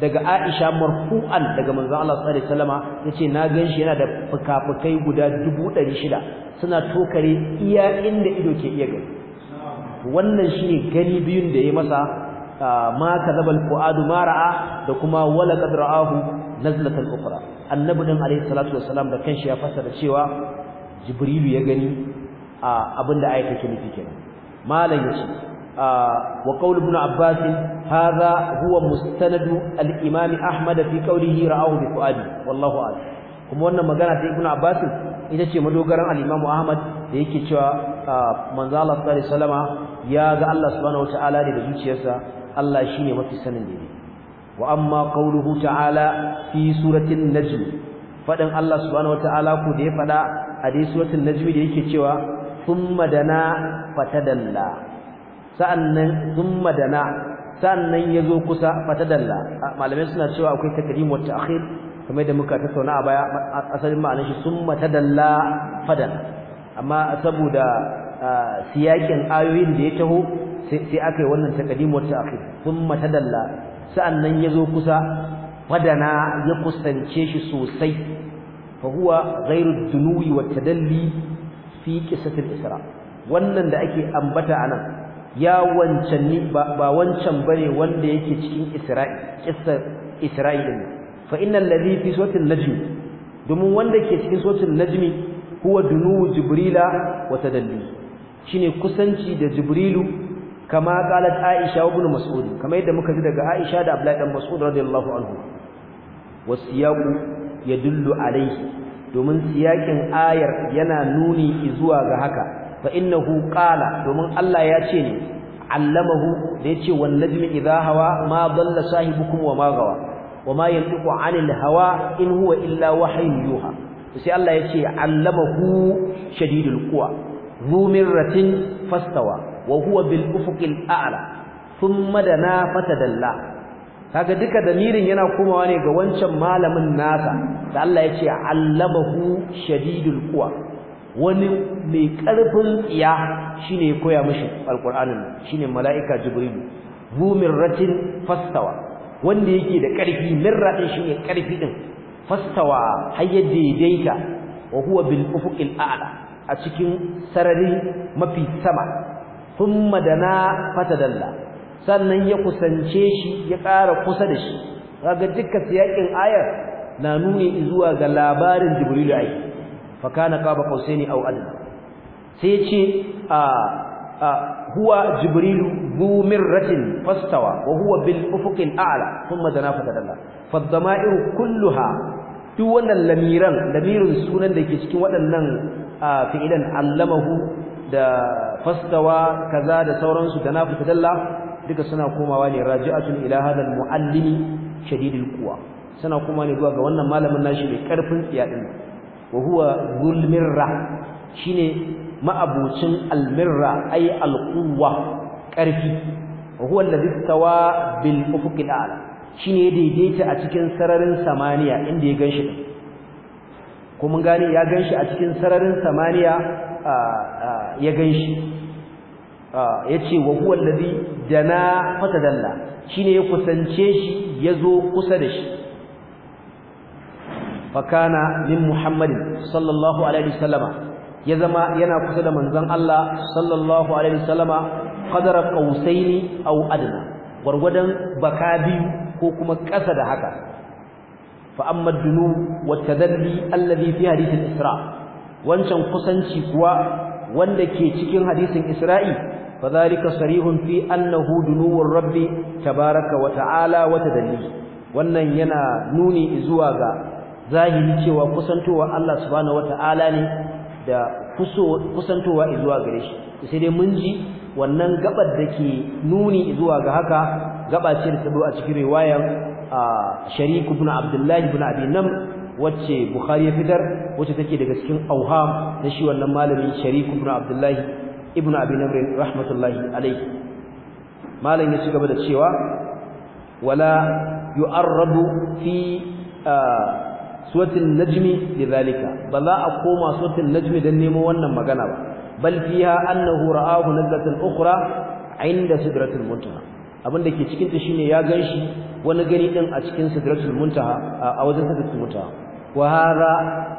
daga Aisha marfu'an daga manzon Allah sallallahu alaihi wasallama yace na ganshi yana da fikafikai guda 600 suna tokare iya inda ido ke iya gani wannan shine gani biyun da ya masa ma kazabal fuadu mara'a ra'a da kuma wala kadra ra'ahu nazlatan ukhra annabi din alaihi salatu wassalam da kanshi ya fassara cewa jibrilu ya gani abinda ayata ke nufi kenan malam yace ah, wa qaul ibn abbas hadha huwa mustanad al-imam ahmad fi qawlihi ra'ahu bi fuadi wallahu a'lam kuma wannan magana ta ibn abbas ita ce madogaran al-imam ahmad da yake cewa ah, manzo Allah sallallahu alaihi ya ga Allah subhanahu wataala da zuciyarsa Allah shine mafi sanin da wa amma qawluhu ta'ala fi suratin najm fadan Allah subhanahu wataala ku da ya fada a dai suratul najm da yake cewa thumma dana fatadalla sa'annan thumma dana sa'annan yazo kusa fatadalla malamai suna cewa akwai takrim wa ta'khir kamar da muka tattauna a baya asalin ma'anar shi thumma tadalla fadan amma saboda siyakin ayoyin da ya taho sai aka yi wannan takrim wa ta'khir thumma tadalla sa'annan yazo kusa fadana ya kusance shi sosai fa huwa ghairu dunuwi wa tadalli fi qisatil isra wannan da ake ambata anan ya wancanni ba wancan bane wanda yake cikin isra'i qissa isra'i fa innal ladhi fi suratil najm domin wanda ke cikin suratul najmi huwa dunuwu jibrila wa tadalli shine kusanci da jibrilu kama qalat aisha ibn mas'ud kama yadda muka ji daga aisha da abdullahi dan mas'ud radiyallahu anhu ya yadullu alayhi domin siyakin ayar yana nuni zuwa ga haka fa innahu qala domin Allah ya ce ne allamahu da yace wan najmi idha hawa ma dalla sahibukum wa ma gawa wa ma yantiqu anil hawa in huwa illa wahyun yuha sai Allah yace allamahu shadidul quwa dhumiratin fastawa wa huwa bil ufuqil a'la thumma dana fatadalla kaga duka damirin yana komawa ne ga wancan malamin nasa da Allah ya ce allabahu shadidul quwa wani mai karfin tsiya shine ya koya mishi alqur'anin shine malaika jibril ratin fastawa wanda yake da karfi ratin shine karfi din fastawa har ya daidaita wa huwa bil ufuqil a'la a cikin sarari mafi sama thumma dana fatadalla sannan ya kusance shi ya ƙara kusa da shi kaga dukkan yakin ayar na nuni zuwa ga labarin jibrilu ai fa kana qaba qausaini aw adna sai yace a huwa jibrilu bu mirratin fastawa wa huwa bil ufuqil a'la thumma dana fa tadalla fa dhama'iru kulluha duk wannan lamiran lamirin sunan da ke cikin waɗannan fi'ilan allamahu da fastawa kaza da sauransu da na dalla duka suna komawa ne raji'atun ila hadha al shadidul quwa suna komawa ne zuwa ga wannan malamin nashi mai karfin tsiya din wa huwa gulmirra shine ma'abucin almirra ay alquwa karfi wa huwa alladhi tawa bil ufuqil a'la shine ya daidaita a cikin sararin samaniya inda ya ganshi din ko mun gane ya ganshi a cikin sararin samaniya ya ganshi yace wa da allazi dana Shi shine ya kusance shi yazo kusa da shi fakana min muhammadin sallallahu alaihi salama ya zama yana kusa da manzon Allah sallallahu alaihi wasallama qadara qausaini aw adana, gwargwadon baka biyu ko kuma ƙasa da haka fa amma dunu wa tadalli alladhi fi hadith isra wancan kusanci kuwa wanda ke cikin hadisin isra'i fadhalika sarihun fi annahu dunuwur rabbi tabaraka wa ta'ala wa tadalli wannan yana nuni zuwa ga zahiri cewa kusantowa Allah subhanahu wa ne da kusantowa zuwa gare shi sai dai mun ji wannan gabar da ke nuni zuwa ga haka gaba ce da ta a cikin riwayar Sharik ibn Abdullah ibn Abi wacce Bukhari ya fitar wacce take daga cikin auham na shi wannan malamin Sharik ibn Abdullah ibnu abi namr rahmatullahi alayhi malam ya ci gaba da cewa wala yu'arradu fi ah, suwatin najmi lidhalika ba za a koma suwatin najmi dan nemo wannan magana ba bal fiha annahu ra'ahu nazlatan ukhra inda sidratil muntaha abin da ke cikin ta shine ya ganshi wani gani din a cikin sidratul muntaha a wajen sidratul muntaha wa hadha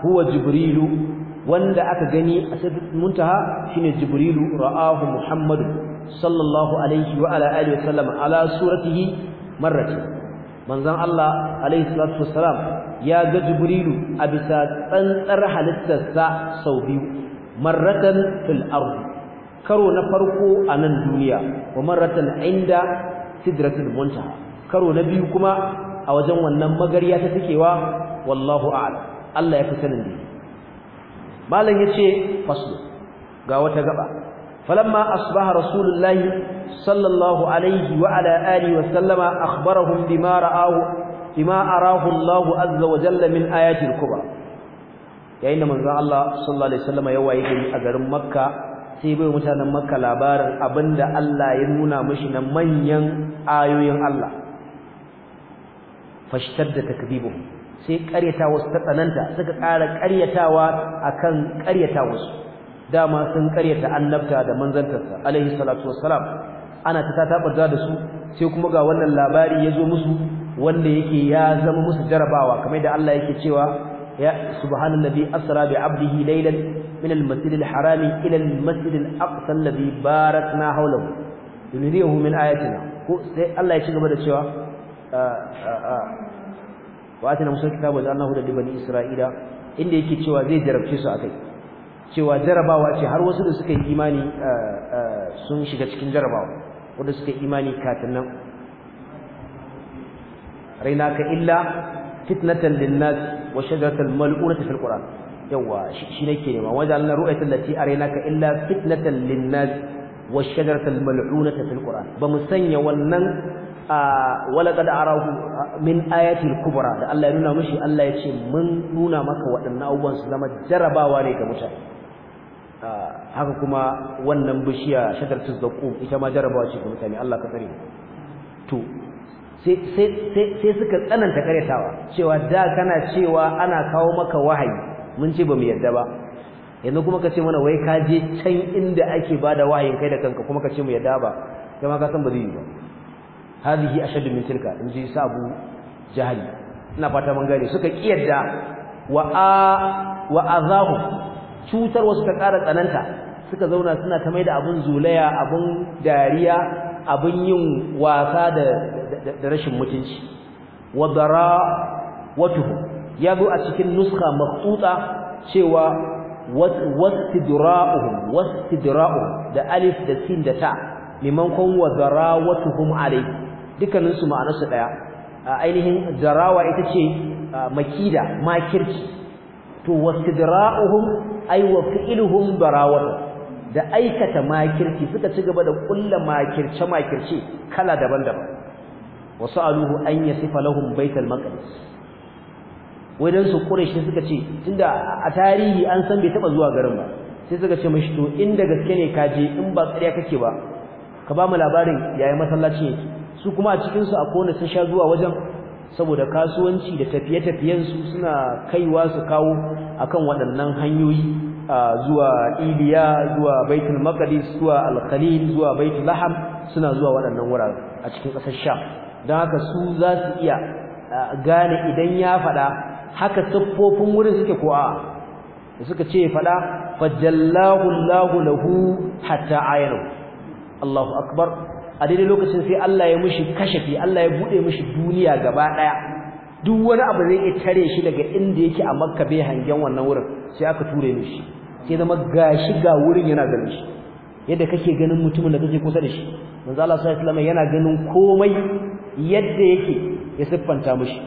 huwa jibrilu wanda aka gani a sifat muntaha shine jibrilu ra'ahu muhammadu sallallahu alaihi wa ala alihi wasallam ala suratihi marrati manzon Allah alaihi salatu wassalam ya ga jibrilu a bisa tsantsar halittarsa sau biyu marratan fil ard karo na farko a nan duniya wa marratan inda sidratul muntaha karo na biyu kuma a wajen wannan magariya ta tikewa wallahu a'lam Allah ya fi sanin dai malam yace faslu ga wata gaba falamma asbaha rasulullah sallallahu alaihi wa ala alihi wa sallama akhbarahum bima ra'ahu bima arahu Allah azza wa jalla min ayati al-kubra yayin da Allah sallallahu alaihi wasallama ya waye gari a garin Makka sai bai mutanen Makka labarin abinda Allah ya nuna mishi na manyan ayoyin Allah fashtadda takdibuhum sai ƙaryata wasu ta tsananta suka ƙara ƙaryatawa akan ƙaryata wasu dama sun ƙaryata annabta da manzantarsa alaihi salatu wassalam ana ta tabarza da su sai kuma ga wannan labari ya zo musu wanda yake ya zama musu jarabawa kamar da Allah yake cewa ya subhanallazi asra bi abdihi laylan min al-masjid al-harami ila al-masjid al-aqsa alladhi barakna hawlahu yuriyahu min ayatina ko sai Allah ya ci gaba da cewa ah, ah, ah, wa atina musa kitaba da annahu da bani isra'ila inda yake cewa zai jarabce su akai cewa jarabawa ce har wasu da suka yi imani uh, uh, sun shiga cikin jarabawa wanda suka yi imani kafin nan Raina ka illa fitnatan linnas wa shajaratal mal'unati fil qur'an yawa shi nake nema wajalna ru'ayatal lati ka illa fitnatan linnas wa shajaratal mal'unati fil qur'an ba mu sanya wannan da arahu min ayatil kubra da Allah ya nuna mishi Allah ya ce mun nuna maka waɗannan abubuwan su zama jarabawa ne ga mutane haka kuma wannan bishiya shatar tuzzaqu ita ma jarabawa ce ga mutane Allah ka tsare to sai sai suka tsananta karyatawa cewa da kana cewa ana kawo maka wahayi mun ce bamu yarda ba yanzu kuma ka ce mana wai ka je can inda ake bada wahayin kai da kanka kuma ka ce mu yarda ba kai ka san ba zai yi ba hadhihi ashaddu min tilka in ji sabu jahali ina fata mun gane suka kiyarda wa wa azahu cutar wasu ta ƙara tsananta suka zauna suna ta maida abun zulaya abun dariya abun yin wasa da da rashin mutunci wa dara watuhu zo a cikin nuskha maqtuta cewa wastidra'uhum wastidra'u da alif da sin da ta liman kun wa darawatuhum alayhi dukkanin su ɗaya, su daya ainihin darawa ita ce makida makirci to wastidra'uhum ay wa fi'luhum barawat da aikata makirci suka ci gaba da kulla makirce makirce kala daban-daban wasaluhu an yasifa lahum baital maqdis wadan su quraish suka ce tunda a tarihi an san bai taba zuwa garin ba sai suka ce mashi to inda gaske ne kaje in ba tsariya kake ba ka ba mu labarin yayin masallaci yake su kuma a cikin su akwai wanda sun sha zuwa wajen saboda kasuwanci da tafiye-tafiyen su suna kaiwa su kawo akan waɗannan hanyoyi zuwa Iliya zuwa Baitul Maqdis zuwa Al-Khalil zuwa Baitul Laham suna zuwa waɗannan wurare a cikin ƙasar Sham don haka su za su iya gane idan ya faɗa haka tuffofin wurin suke ko a suka ce faɗa fajallahu lahu, lahu hatta ayanu Allahu akbar a daidai lokacin sai Allah ya mushi kashafi Allah ya bude mushi duniya gaba daya duk wani abu zai iya tare shi daga inda yake a Makka bai hangen wannan wurin sai aka ture mushi sai zama gashi ga wurin yana ganin shi yadda kake ganin mutumin da kake kusa da shi manzo Allah sallallahu alaihi wasallam yana ganin komai yadda yake ya siffanta mushi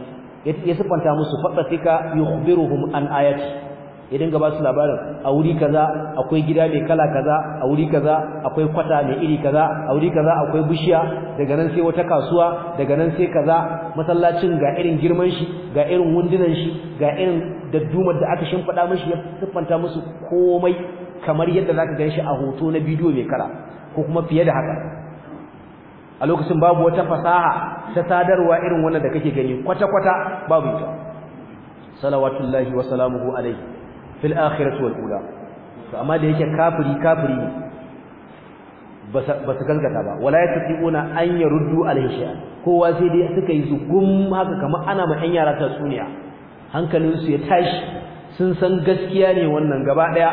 ya siffanta musu fadatika yukhbiruhum an ayati ya dinga ba su labarin a wuri kaza akwai gida mai kala kaza a wuri kaza akwai kwata mai iri kaza a wuri kaza akwai bishiya daga nan sai wata kasuwa daga nan sai kaza masallacin ga irin girman shi ga irin wundunan shi ga irin daddumar da aka shimfada mishi ya siffanta musu komai kamar yadda zaka gan shi a hoto na bidiyo mai kala ko kuma fiye da haka a lokacin babu wata fasaha ta sadarwa irin wannan da kake gani kwata-kwata babu ita salawatullahi wa salamuhu alaihi fil akhirati wal ula to amma da yake kafiri kafiri ne ba ba wala yastati'una an yaruddu alaihi kowa sai dai suka yi zugum haka kamar ana ma ɗan yara tatsuniya su ya tashi sun san gaskiya ne wannan gaba daya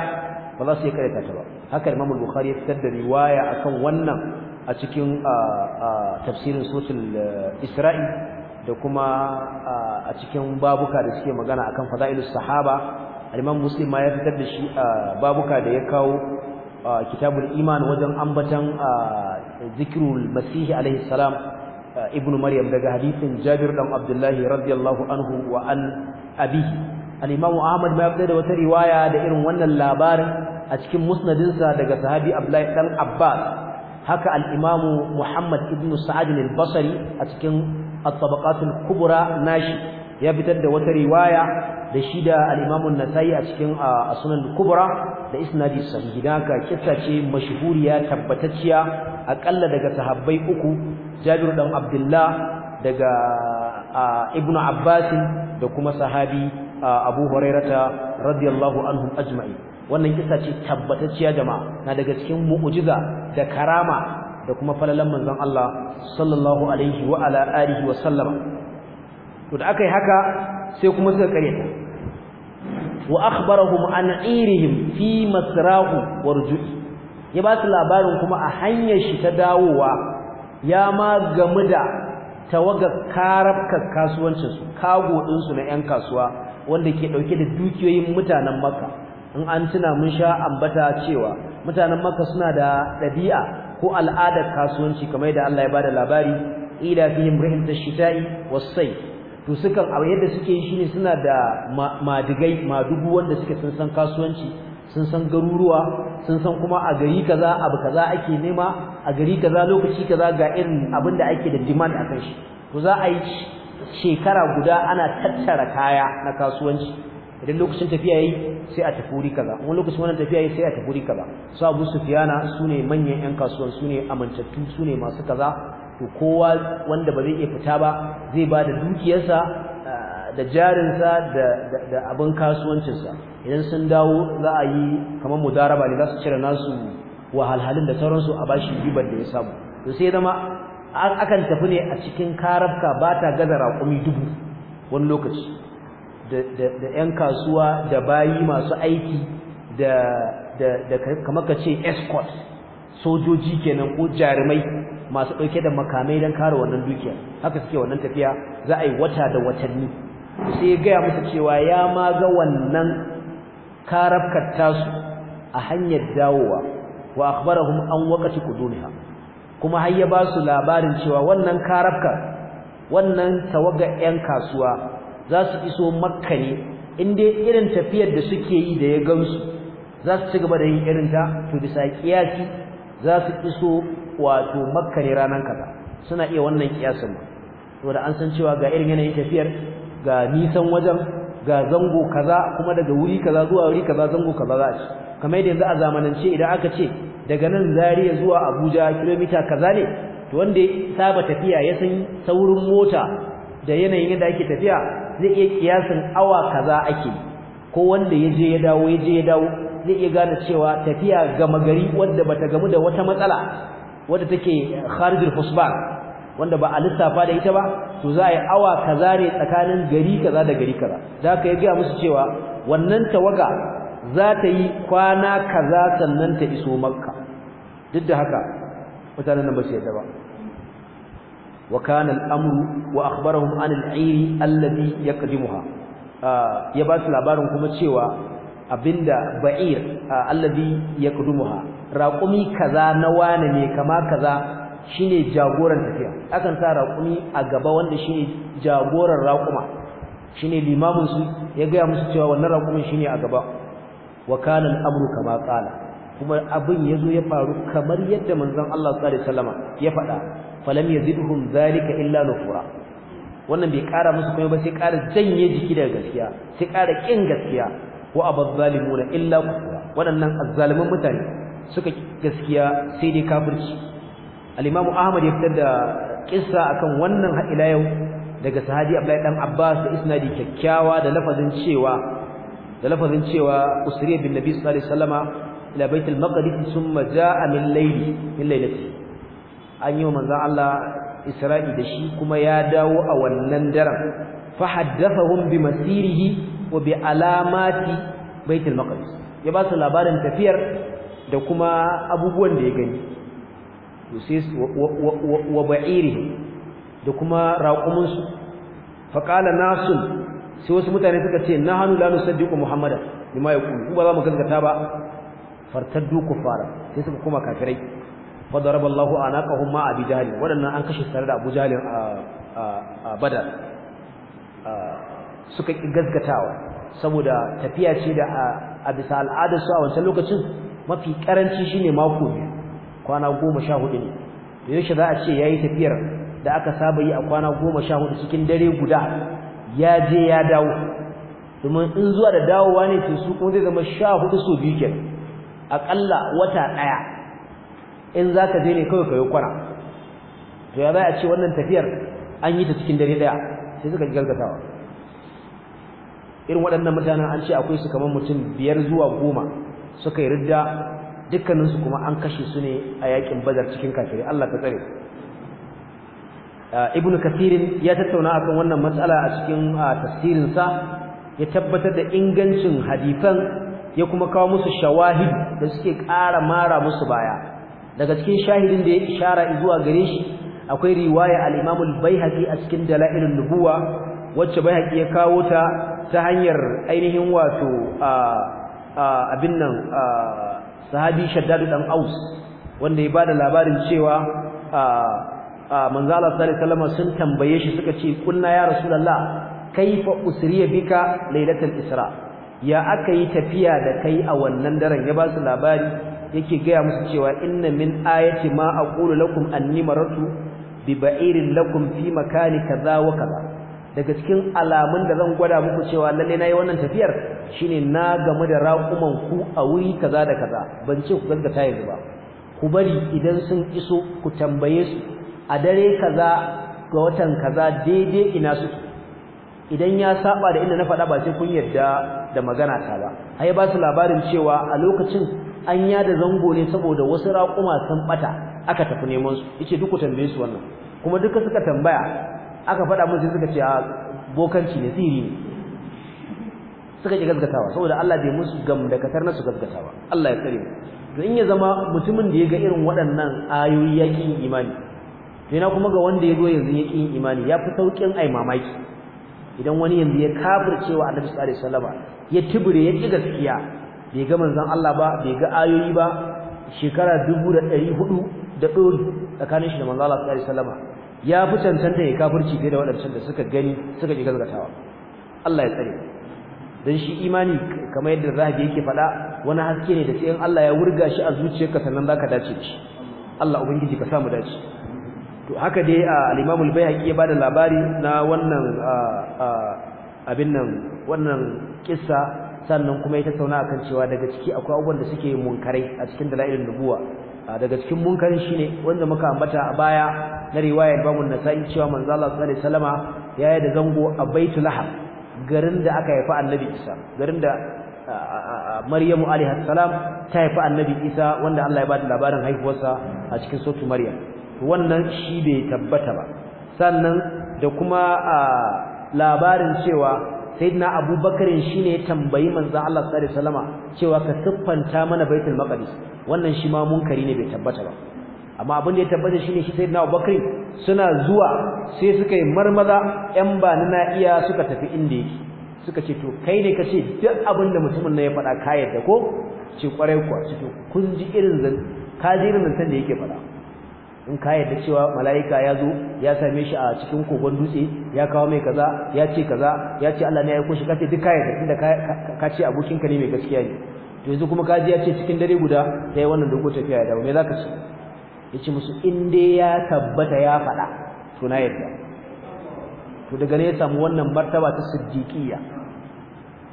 ba za su yi karanta ta ba haka Imam Bukhari ya fitar da riwaya akan wannan a cikin tafsirin suratul eh, Isra'i da kuma a cikin babuka da suke magana akan fadailus sahaba al-Imam Muslim ma ya fitar da shi a babuka da ya kawo kitabul iman wajen ambatan zikrul masih alaihi salam Ibn maryam daga hadisin Jabir dan Abdullah radiyallahu anhu wa an abi al-Imam Ahmad ma ya fitar da wata riwaya da irin wannan labarin a cikin musnadinsa daga sahabi Abdullah dan Abbas haka al-Imam Muhammad ibn Sa'ad al-Basri a cikin at-Tabaqat al-Kubra nashi ya fitar da wata riwaya da shida, da al-Imam nasai a cikin As-Sunan Kubra da isnadi sahihi dan haka kissa ce mashhuriya tabbatacciya akalla daga sahabbai uku Jabir dan Abdullah daga Ibn Abbas da kuma sahabi Abu Hurairata radiyallahu anhum ajma'in wannan kisace, ce tabbatacciya jama'a na daga cikin mu'jiza da karama da kuma falalan manzon Allah sallallahu alaihi wa ala alihi wa to da akai haka sai kuma suka karyata wa akhbarahum an irihim fi masrahu warju'i ya ba su labarin kuma a hanyar shi ta dawowa ya ma gamu da tawagar kasuwancin kasuwancinsu kago su na 'yan kasuwa wanda ke ɗauke da dukiyoyin mutanen makka in an tuna mun sha ambata cewa mutanen makka suna da ɗabi'a ko al'adar kasuwanci kamar da allah ya ba da labari ila fihim rihin tashita'i wasai to sukan a yadda suke yi shine suna da madigai madugu wanda suke sun san kasuwanci sun san garuruwa sun san kuma a gari kaza abu kaza ake nema a gari kaza lokaci kaza ga irin abin da ake da demand a shi to za a yi shekara guda ana tattara kaya na kasuwanci idan lokacin tafiya yayi sai a tafi wuri kaza wani lokacin wannan tafiya yayi sai a tafi wuri kaza su Abu sune manyan yan kasuwan sune amintattu sune masu kaza to kowa wanda ba zai iya fita ba zai ba da dukiyarsa ah, da jarinsa da abin kasuwancinsa idan sun dawo za a yi kamar mudaraba ne za su cire nasu wahalhalun da sauransu a bashi ribar da ya samu to sai zama akan tafi ne a cikin karabka ba ta gaza raƙumi dubu wani lokaci da 'yan kasuwa da bayi masu aiki da kamar ka ce escort sojoji kenan ko jarumai masu ɗauke da makamai don kare wannan dukiya haka suke wannan tafiya za a yi wata da watanni sai ya gaya musu cewa ya ma ga wannan karafkar tasu a hanyar dawowa wa akhbarahum an waqati qudumiha kuma har ya ba su labarin cewa wannan karafkar wannan tawaga yan kasuwa za su iso makka ne inda irin tafiyar da suke yi da ya gansu za su ci gaba da yin irin ta to bisa kiyasi za su iso wato makka ne ranan kaza suna iya wannan kiyasin ba saboda an san cewa ga irin yanayin tafiyar ga nisan wajen ga zango kaza kuma daga wuri kaza zuwa wuri kaza zango kaza za a ci kamar yadda yanzu a zamanance idan aka ce daga nan Zariya zuwa Abuja kilomita kaza ne to wanda ya saba tafiya ya san saurin mota da yanayin yadda ake tafiya zai iya kiyasin awa kaza ake ko wanda ya je ya dawo ya je ya dawo zai iya gane cewa tafiya gama gari wanda bata gamu da wata matsala wadda take kharijul husban wanda ba a lissafa da ita ba to za a yi awa kaza ne tsakanin gari kaza da gari kaza da aka yi gaya musu cewa wannan tawaga za ta yi kwana kaza sannan ta iso makka duk da haka mutanen nan ba su yadda ba wa kana amru wa akhbarahum an al-ayri yaqdimuha ah, ya ba su labarin kuma cewa abinda ba'ir ah, alladhi yaqdimuha raƙumi kaza na wane ne kama kaza shine jagoran tafiya akan sa raƙumi a gaba wanda shine jagoran raƙuma shine limamin su ya gaya musu cewa wannan raƙumin shine a gaba wa kana al-amru kama qala kuma abin yazo ya faru kamar yadda manzon Allah sallallahu Salama ya faɗa falam yazidhum zalika illa nufura wannan bai ƙara musu komai ba sai ƙara janye jiki daga gaskiya sai ƙara kin gaskiya wa abadh zalimuna illa kufura waɗannan azzalimin mutane suka gaskiya sai dai kafirci al-imam ahmad ya fitar da kissa akan wannan har ila yau daga sahabi abdullahi dan abbas da isnadi kyakkyawa da lafazin cewa da lafazin cewa usriya bin nabi sallallahu alaihi wasallama ila baitul maqdis thumma jaa min layli min laylati an yi manzo Allah isra'i da shi kuma ya dawo a wannan daren fa haddathahum bi masirihi wa bi alamati baitul maqdis ya ba su labarin tafiyar da kuma abubuwan da ya gani wa ba'iri da kuma raƙuminsu faƙala nasun sai wasu mutane suka ce na hannu lanu sadiku muhammada bima ya kulu ba za mu gaskata ba fartaddu kufara sai suka kuma kafirai fadaraba Allahu anaqahum ma abi jahl wadannan an kashe tare da Abu Jahl a Badar suka ki gaskatawa saboda tafiya ce da a bisa al'adar su a wancan lokacin mafi karanci shine mako biyu kwana goma sha hudu ne da yaushe za a ce yayi tafiyar da aka saba yi a kwana goma sha hudu cikin dare guda ya je ya dawo domin in zuwa da dawowa ne to su kuma zai zama sha hudu so biyu kenan akalla wata daya in zaka je ne kawai kai kwana to ya za a ce wannan tafiyar an yi ta cikin dare daya sai suka galgatawa irin waɗannan mutanen an ce akwai su kamar mutum biyar zuwa goma suka yi ridda dukkaninsu kuma an kashe su ne a yakin bazar cikin kafirai Allah ka tsare ah, ibnu kathirin ya tattauna akan wannan matsala a cikin ah, tafsirin sa ya tabbatar da ingancin hadifan ya kuma kawo musu shawahid da suke ƙara mara musu baya daga cikin shahidin da ya ishara zuwa gare shi akwai riwaya al-Imam al a cikin Dalailun Nubuwa wacce Baihaqi ya kawo ta ta hanyar ainihin wato ah, abin nan sahabi shaddadu dan aus wanda ya bada labarin cewa manzo Allah sallallahu alaihi wasallam sun tambaye shi suka ce kunna ya rasulullah kaifa usriya bika lailatul isra ya aka yi tafiya da kai a wannan daren ya ba su labari yake gaya musu cewa inna min ayati ma aqulu lakum anni marartu bi ba'irin lakum fi makani kaza wa kaza daga cikin alamun da zan gwada muku cewa lalle nayi wannan tafiyar shine na gamu da raƙuman ku a wuri kaza da kaza ban ce ku ganga yanzu ba ku bari idan sun iso ku tambaye su a dare kaza ga watan kaza daidai ina su idan ya saba da inda na faɗa ba sai kun yarda da magana ta ba ai ba su labarin cewa a lokacin an da zango ne saboda wasu raƙuma sun bata aka tafi neman su yace duk ku tambaye su wannan kuma duka suka tambaya aka faɗa musu suka ce a bokanci ne sihiri ne suka ji gazgatawa saboda Allah bai musu gam da katar na su Allah ya kare mu to in ya zama mutumin da ya ga irin waɗannan ayoyi ya ƙin imani to ina kuma ga wanda ya zo yanzu ya ƙin imani ya fi sauƙin ai mamaki idan wani yanzu ya kafirce wa Annabi sallallahu alaihi wasallam ya tibure ya ƙi gaskiya bai ga manzon Allah ba bai ga ayoyi ba shekara dubu da ɗari hudu da ɗori tsakanin shi da manzon Allah sallallahu alaihi wasallam ya fi cancanta ya kafirci fiye da waɗancan da suka gani suka ji gazgatawa Allah ya tsare dan shi imani kamar yadda zahabi yake faɗa wani haske ne da sai Allah ya wurga shi a zuciyarka sannan zaka dace shi Allah ubangiji ka samu dace to haka dai al-Imam al-Baihaqi ya da labari na wannan abin nan wannan kissa sannan kuma ya tattauna akan cewa daga ciki akwai abubuwan da suke munkarai a cikin dalailin nubuwa daga cikin munkarin shine wanda muka ambata a baya na riwayar Imam Nasa'i cewa manzo Allah sallallahu alaihi wasallama yayi da zango a Baitul Lahab garin da aka haifa Annabi Isa garin da Maryamu alaiha salam ta haifi Annabi Isa wanda Allah ya bada labarin haihuwarsa a cikin sotu Maryam wannan shi bai tabbata ba sannan da kuma labarin cewa sayyidina abubakar shine ya tambayi manzo Allah sallallahu alaihi wasallama cewa ka siffanta mana baitul maqdis wannan shi ma munkari ne bai tabbata ba amma abin da ya tabbata shine shi sayyidina abubakar suna zuwa sai suka yi marmaza yan ba na iya suka tafi inda yake suka ce to kai ne kace duk abin da mutumin nan ya faɗa ka yadda ko ce kwarai kuwa ce to kun ji irin zan ka ji irin zan da yake faɗa in ka yadda cewa mala'ika ya zo ya same shi a cikin kogon dutse ya kawo mai kaza ya ce kaza ya ce Allah ne ya aiko shi kace duk ka yadda inda ka ce abokinka ne mai gaskiya ne to yanzu kuma ka ji ya ce cikin dare guda sai wannan doko tafiya ya dawo me zaka ce yace musu in dai ya tabbata ya faɗa to na yarda to daga ne ya samu wannan martaba ta siddiqiyya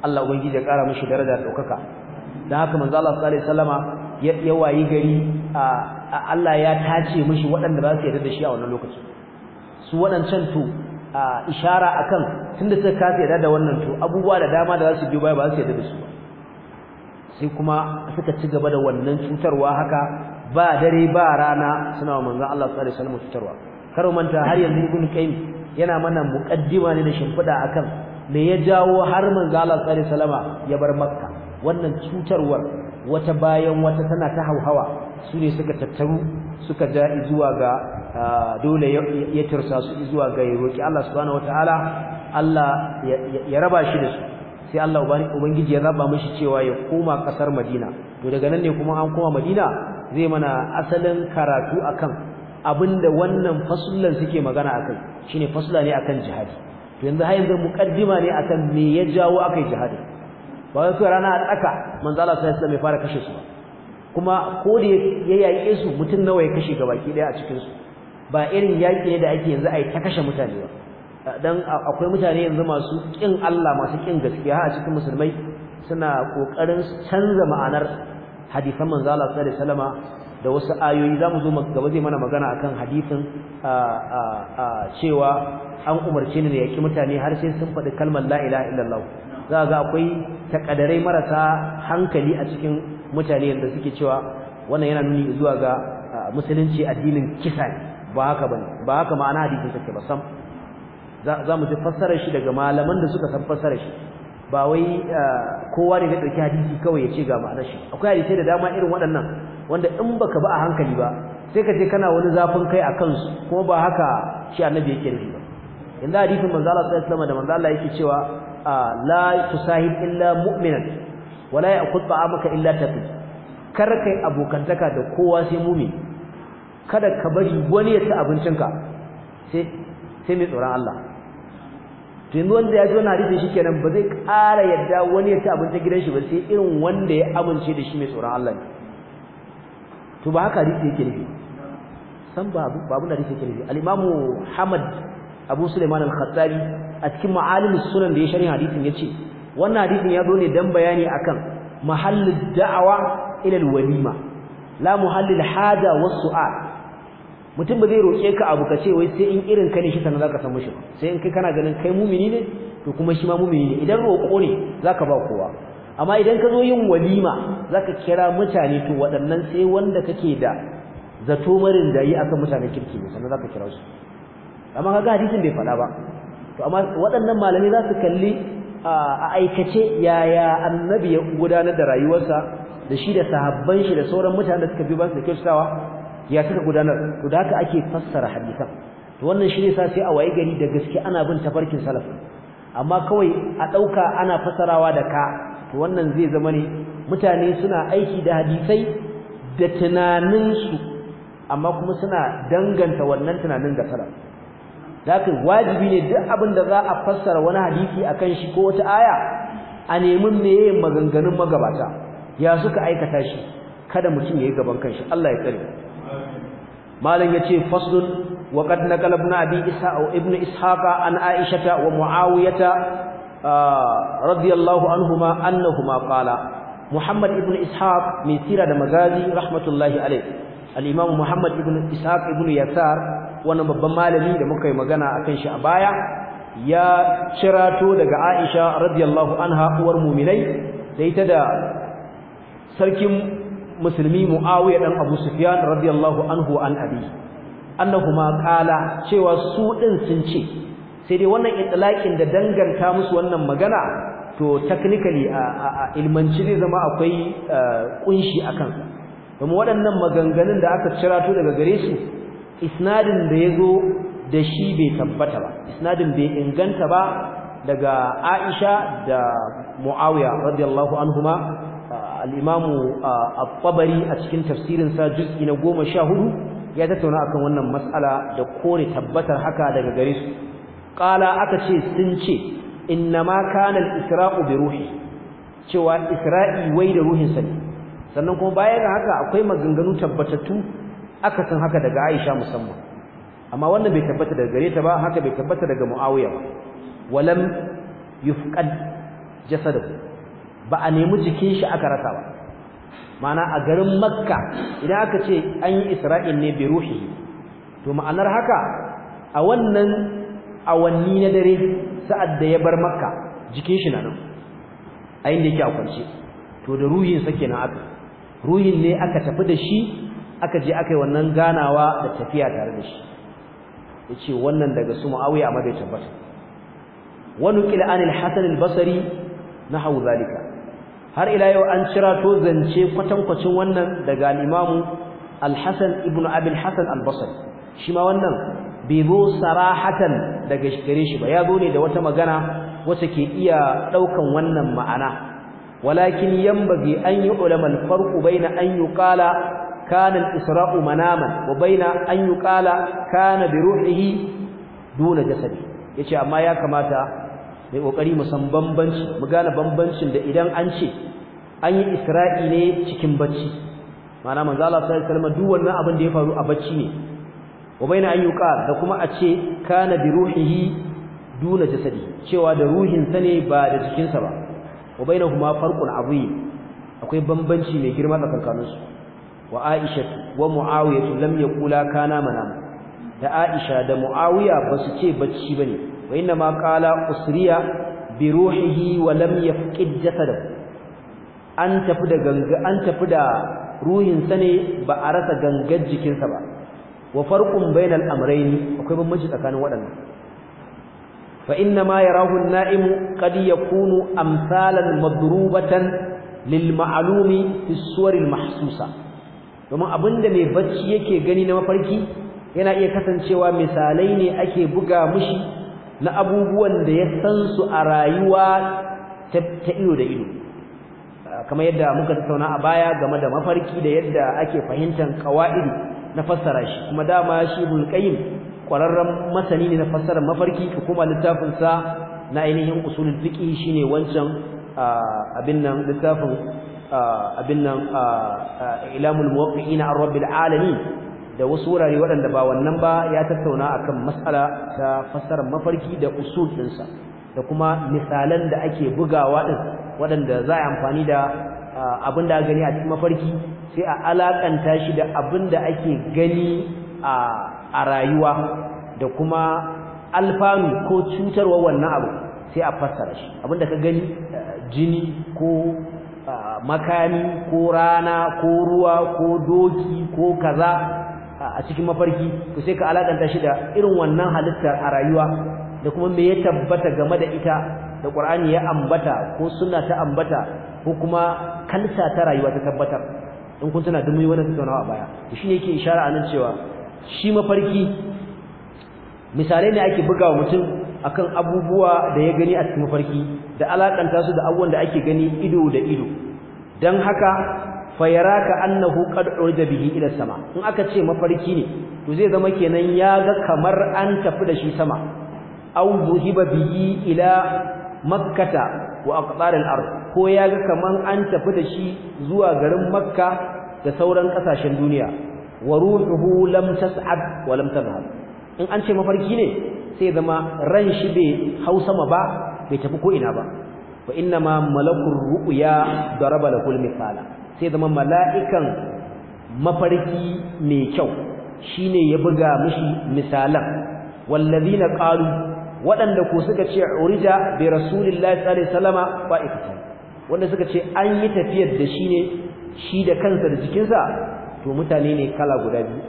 Allah ubangiji ya kara mishi daraja daukaka dan haka manzo Allah sallallahu alaihi wasallama ya wayi gari a Allah ya tace mishi waɗanda za su yarda da shi a wannan lokaci su waɗancan to ishara akan tunda saka kasa yarda da wannan to abubuwa da dama da za su biyo baya ba su yarda da su ba sai kuma suka ci gaba da wannan cutarwa haka ba dare ba rana suna wa manzon Allah sallallahu alaihi wasallam cutarwa karo manta har yanzu ibn qayyim yana mana muqaddima ne da shimfida akan me ya jawo har manzon Allah sallallahu alaihi ya bar makka wannan cutarwar wata bayan wata tana ta hauhawa su ne suka tattaru suka ja zuwa ga dole ya tursa su zuwa ga ya roƙi. Allah subhanahu wataala Allah ya raba shi da su sai Allah ubangiji ya zaba mishi cewa ya koma ƙasar Madina to daga nan ne kuma an koma Madina zai mana asalin karatu akan abinda wannan fasulan suke magana akai shine fasula ne akan jihadi to yanzu har yanzu muqaddima ne akan me ya jawo akai jihadi ba wai rana a tsaka manzo Allah sallallahu alaihi wasallam ya fara kashe su kuma ko da ya yaƙe su mutum nawa ya kashe gabaki daya a cikinsu ba irin yaƙi ne da ake yanzu a yi ta kashe mutane ba don akwai mutane yanzu masu ƙin Allah masu ƙin gaskiya a cikin musulmai suna ƙoƙarin canza ma'anar hadisan manzo Allah sallallahu alaihi da wasu ayoyi za mu zo gaba zai mana magana akan hadisin cewa an umarce ni da yaƙi mutane har sai sun faɗi kalmar la ilaha illallah za ga akwai takadarai marasa hankali a cikin mutane yanda suke cewa wannan yana nuni zuwa ga ah, musulunci addinin kisa ba haka bane ba haka ma'ana hadisin take ba sam za mu ji fassarar shi daga malaman da suka san fassarar shi ba wai ah, kowa ne ya dauki hadisi kawai ya ce ga ma'anar shi akwai hadisi da dama irin waɗannan wanda in baka ba a hankali ba sai ka je kana wani zafin kai a kansu kuma ba haka shi annabi yake nufi ba inda hadisin manzo Allah sallallahu alaihi wasallam da manzo Allah yake cewa ah, la tusahib illa mu'minan wala ya'khudh ta'amaka illa taqi kar kai abokantaka da kowa sai mu mumi kada ka bari wani ya ci abincinka sai sai mai tsoron Allah to yanzu wanda ya ji wani hadisi kenan ba zai ƙara yadda wani ya ci abincin gidan shi ba sai irin wanda ya amince da shi mai tsoron Allah ne to ba haka hadisi yake nufi san ba babu da hadisi yake nufi al-Imam Muhammad Abu Sulaiman al-Khattabi a cikin ma'alimus sunan da ya sharhi hadisin yace wannan hadisin ya zo ne dan bayani akan mahallin da'awa ila walima la muhallil hada wasu su'al mutum ba zai roke ka abu ka ce wai sai in irin ka ne shi sannan zaka san mushi sai in kai kana ganin kai mumini ne to kuma shi ma mumini ne idan roko ne zaka ba kowa amma idan ka zo yin walima zaka kira mutane to waɗannan sai wanda kake da zato marin da yi akan mutanen kirki ne sannan zaka kira su amma kaga hadisin bai faɗa ba to amma waɗannan malamai za su kalli a aikace yaya annabi ya gudanar da rayuwarsa da shi da sahabban shi da sauran mutanen da suka bi ba su da kyautatawa ya suka gudanar to da haka ake fassara hadisan to wannan shi ne sa sai a waye gari da gaske ana bin tafarkin salaf amma kawai a dauka ana fassarawa da ka to wannan zai zama ne mutane suna aiki da hadisai da tunanin su amma kuma suna danganta wannan tunanin ga salaf zaka wajibi ne duk abin da za a fassara wani hadisi akan shi ko wata aya a nemi meye maganganun magabata ya suka aikata shi kada mutum yayi gaban kansa Allah ya tsare malan yace faslun wa qad naqalna abi isa au ibnu ishaqa an aishata wa muawiyata ah, radiyallahu anhuma annahuma qala muhammad Ibn ishaq min sirah al-magazi rahmatullahi alayh al-imam muhammad ibnu ishaq ibnu yasar wani babban malami da muka yi magana a kan shi a baya ya cirato daga Aisha radiyallahu anha uwar mu'minai da ita da sarkin musulmi Muawiya dan Abu Sufyan radiyallahu anhu an abi annahuma qala cewa su ɗin sun ce sai dai wannan itlaqin da danganta musu wannan magana to technically a ilmanci zai zama akwai eh, kunshi akan kuma waɗannan maganganun da aka cirato daga gare su isnadin da ya zo da shi bai tabbata ba isnadin bai inganta ba daga Aisha da Muawiya radiyallahu anhuma al-Imam uh, at-Tabari a cikin tafsirin sa juz'i na 14 ya tattauna akan wannan mas'ala da kore tabbatar haka daga gare su qala aka ce sun ce innama kana al-isra'u bi ruhi cewa isra'i wai da ruhin sa ne sannan kuma bayan haka akwai maganganu tabbatattu aka san haka daga Aisha musamman amma wannan bai tabbata daga gare ta ba haka bai tabbata daga Muawiya ba walam yufqad jasadu ba a nemi jikin shi aka rasa ba ma'ana a garin Makka idan aka ce an yi Isra'il ne bi ruhi to ma'anar haka a wannan awanni na dare sa'ad da ya bar Makka jikin shi na nan a inda yake a kwance to da ruhin sa kenan aka ruhin ne aka tafi da shi aka je aka yi wannan ganawa da tafiya tare da shi yace wannan daga su Muawiya amma bai tabbata wa kila an al-Hasan al-Basri nahwu zalika har ila yau an cira to zance kwatankwacin wannan daga al-Imam al-Hasan ibn Abi al-Hasan al-Basri shi ma wannan bai zo sarahatan daga gare shi ba ya zo ne da wata magana wacce ke iya daukan wannan ma'ana walakin yanbaghi an yi ulama al-farq baina an yuqala كان الإسراء مناما وبين أن يقال كان بروحه دون جسده يجي amma ya kamata mai kokari mu san bambanci mu gane bambancin da idan an ce an yi isra'i ne cikin bacci ma'ana manzo Allah sallallahu alaihi wasallam duk wannan abin da ya faru a bacci ne wa baina an yuqal da kuma a ce kana bi ruhihi duna jasadi cewa da ruhin sa ne ba da jikinsa ba wa bainahuma farqun azim akwai bambanci mai girma tsakankaninsu wa Aisha wa Muawiya lam yaqula kana manam da Aisha da Muawiya basu ce bacci bane wa inna kala qala usriya bi ruhihi wa lam yafqid an tafi da ganga an tafi da ruhin sa ne ba a rasa gangar jikinsa ba wa farqun bainal amrayni akwai bambanci tsakanin waɗannan fa inna ma yarahu an-na'imu qad yakunu amsalan madrubatan lil ma'lumi fi suwar al-mahsusa domin da mai bacci yake gani na mafarki yana iya kasancewa misalai ne ake buga mushi na abubuwan da ya san su a rayuwa ta ido da ido kamar yadda muka tattauna a baya game da mafarki da yadda ake fahimtar ƙawa'idu na fassara shi kuma dama shi ibn qayyim kwararren masani ne na fassarar mafarki ka kuma littafin sa na ainihin usulul fiqh shine wancan abin nan littafin abin nan ilamul muwaqqi'ina ar rabbil alamin da wasu wurare waɗanda ba wannan ba ya tattauna akan mas'ala ta fassarar mafarki da usul da kuma misalan da ake bugawa ɗin waɗanda za a amfani da abin da gani a cikin mafarki sai a alakanta shi da abin da ake gani a rayuwa da kuma alfanu ko cutarwa wannan abu sai a fassara shi abin da ka gani jini ko makami ko rana ko ruwa ko doki ko kaza a cikin mafarki to sai ka alakanta shi da irin wannan halittar a rayuwa da kuma me ya tabbata game da ita da Qur'ani ya ambata ko sunna ta ambata ko kuma kalsa ta rayuwa ta tabbatar in kun tana dumi wannan tattaunawa a baya shi yake isharar anan cewa shi mafarki misalai ne ake bugawa mutum akan abubuwa da ya gani a cikin mafarki da alakanta su da abubuwan da ake gani ido da ido dan haka fayaraka annahu qad urja bihi ila sama in aka ce mafarki ne to zai zama kenan ya ga kamar an tafi da shi sama aw zuhiba bihi ila makkata wa aqtar al-ard ko ya ga kaman an tafi da shi zuwa garin makka da sauran kasashen duniya wa ruhuhu lam tas'ad wa lam tadhhab in an ce mafarki ne sai zama ran shi bai hausa ma ba bai tafi ko ina ba fa inna ma malakur ru'ya daraba lahul misala sai zama mala'ikan mafarki mai kyau shine ya buga mishi misalan wallazina qalu waɗanda ko suka ce urija bi rasulillahi sallallahu alaihi wasallama wanda suka ce an yi tafiyar da shi ne shi da kansa da jikinsa to mutane ne kala guda biyu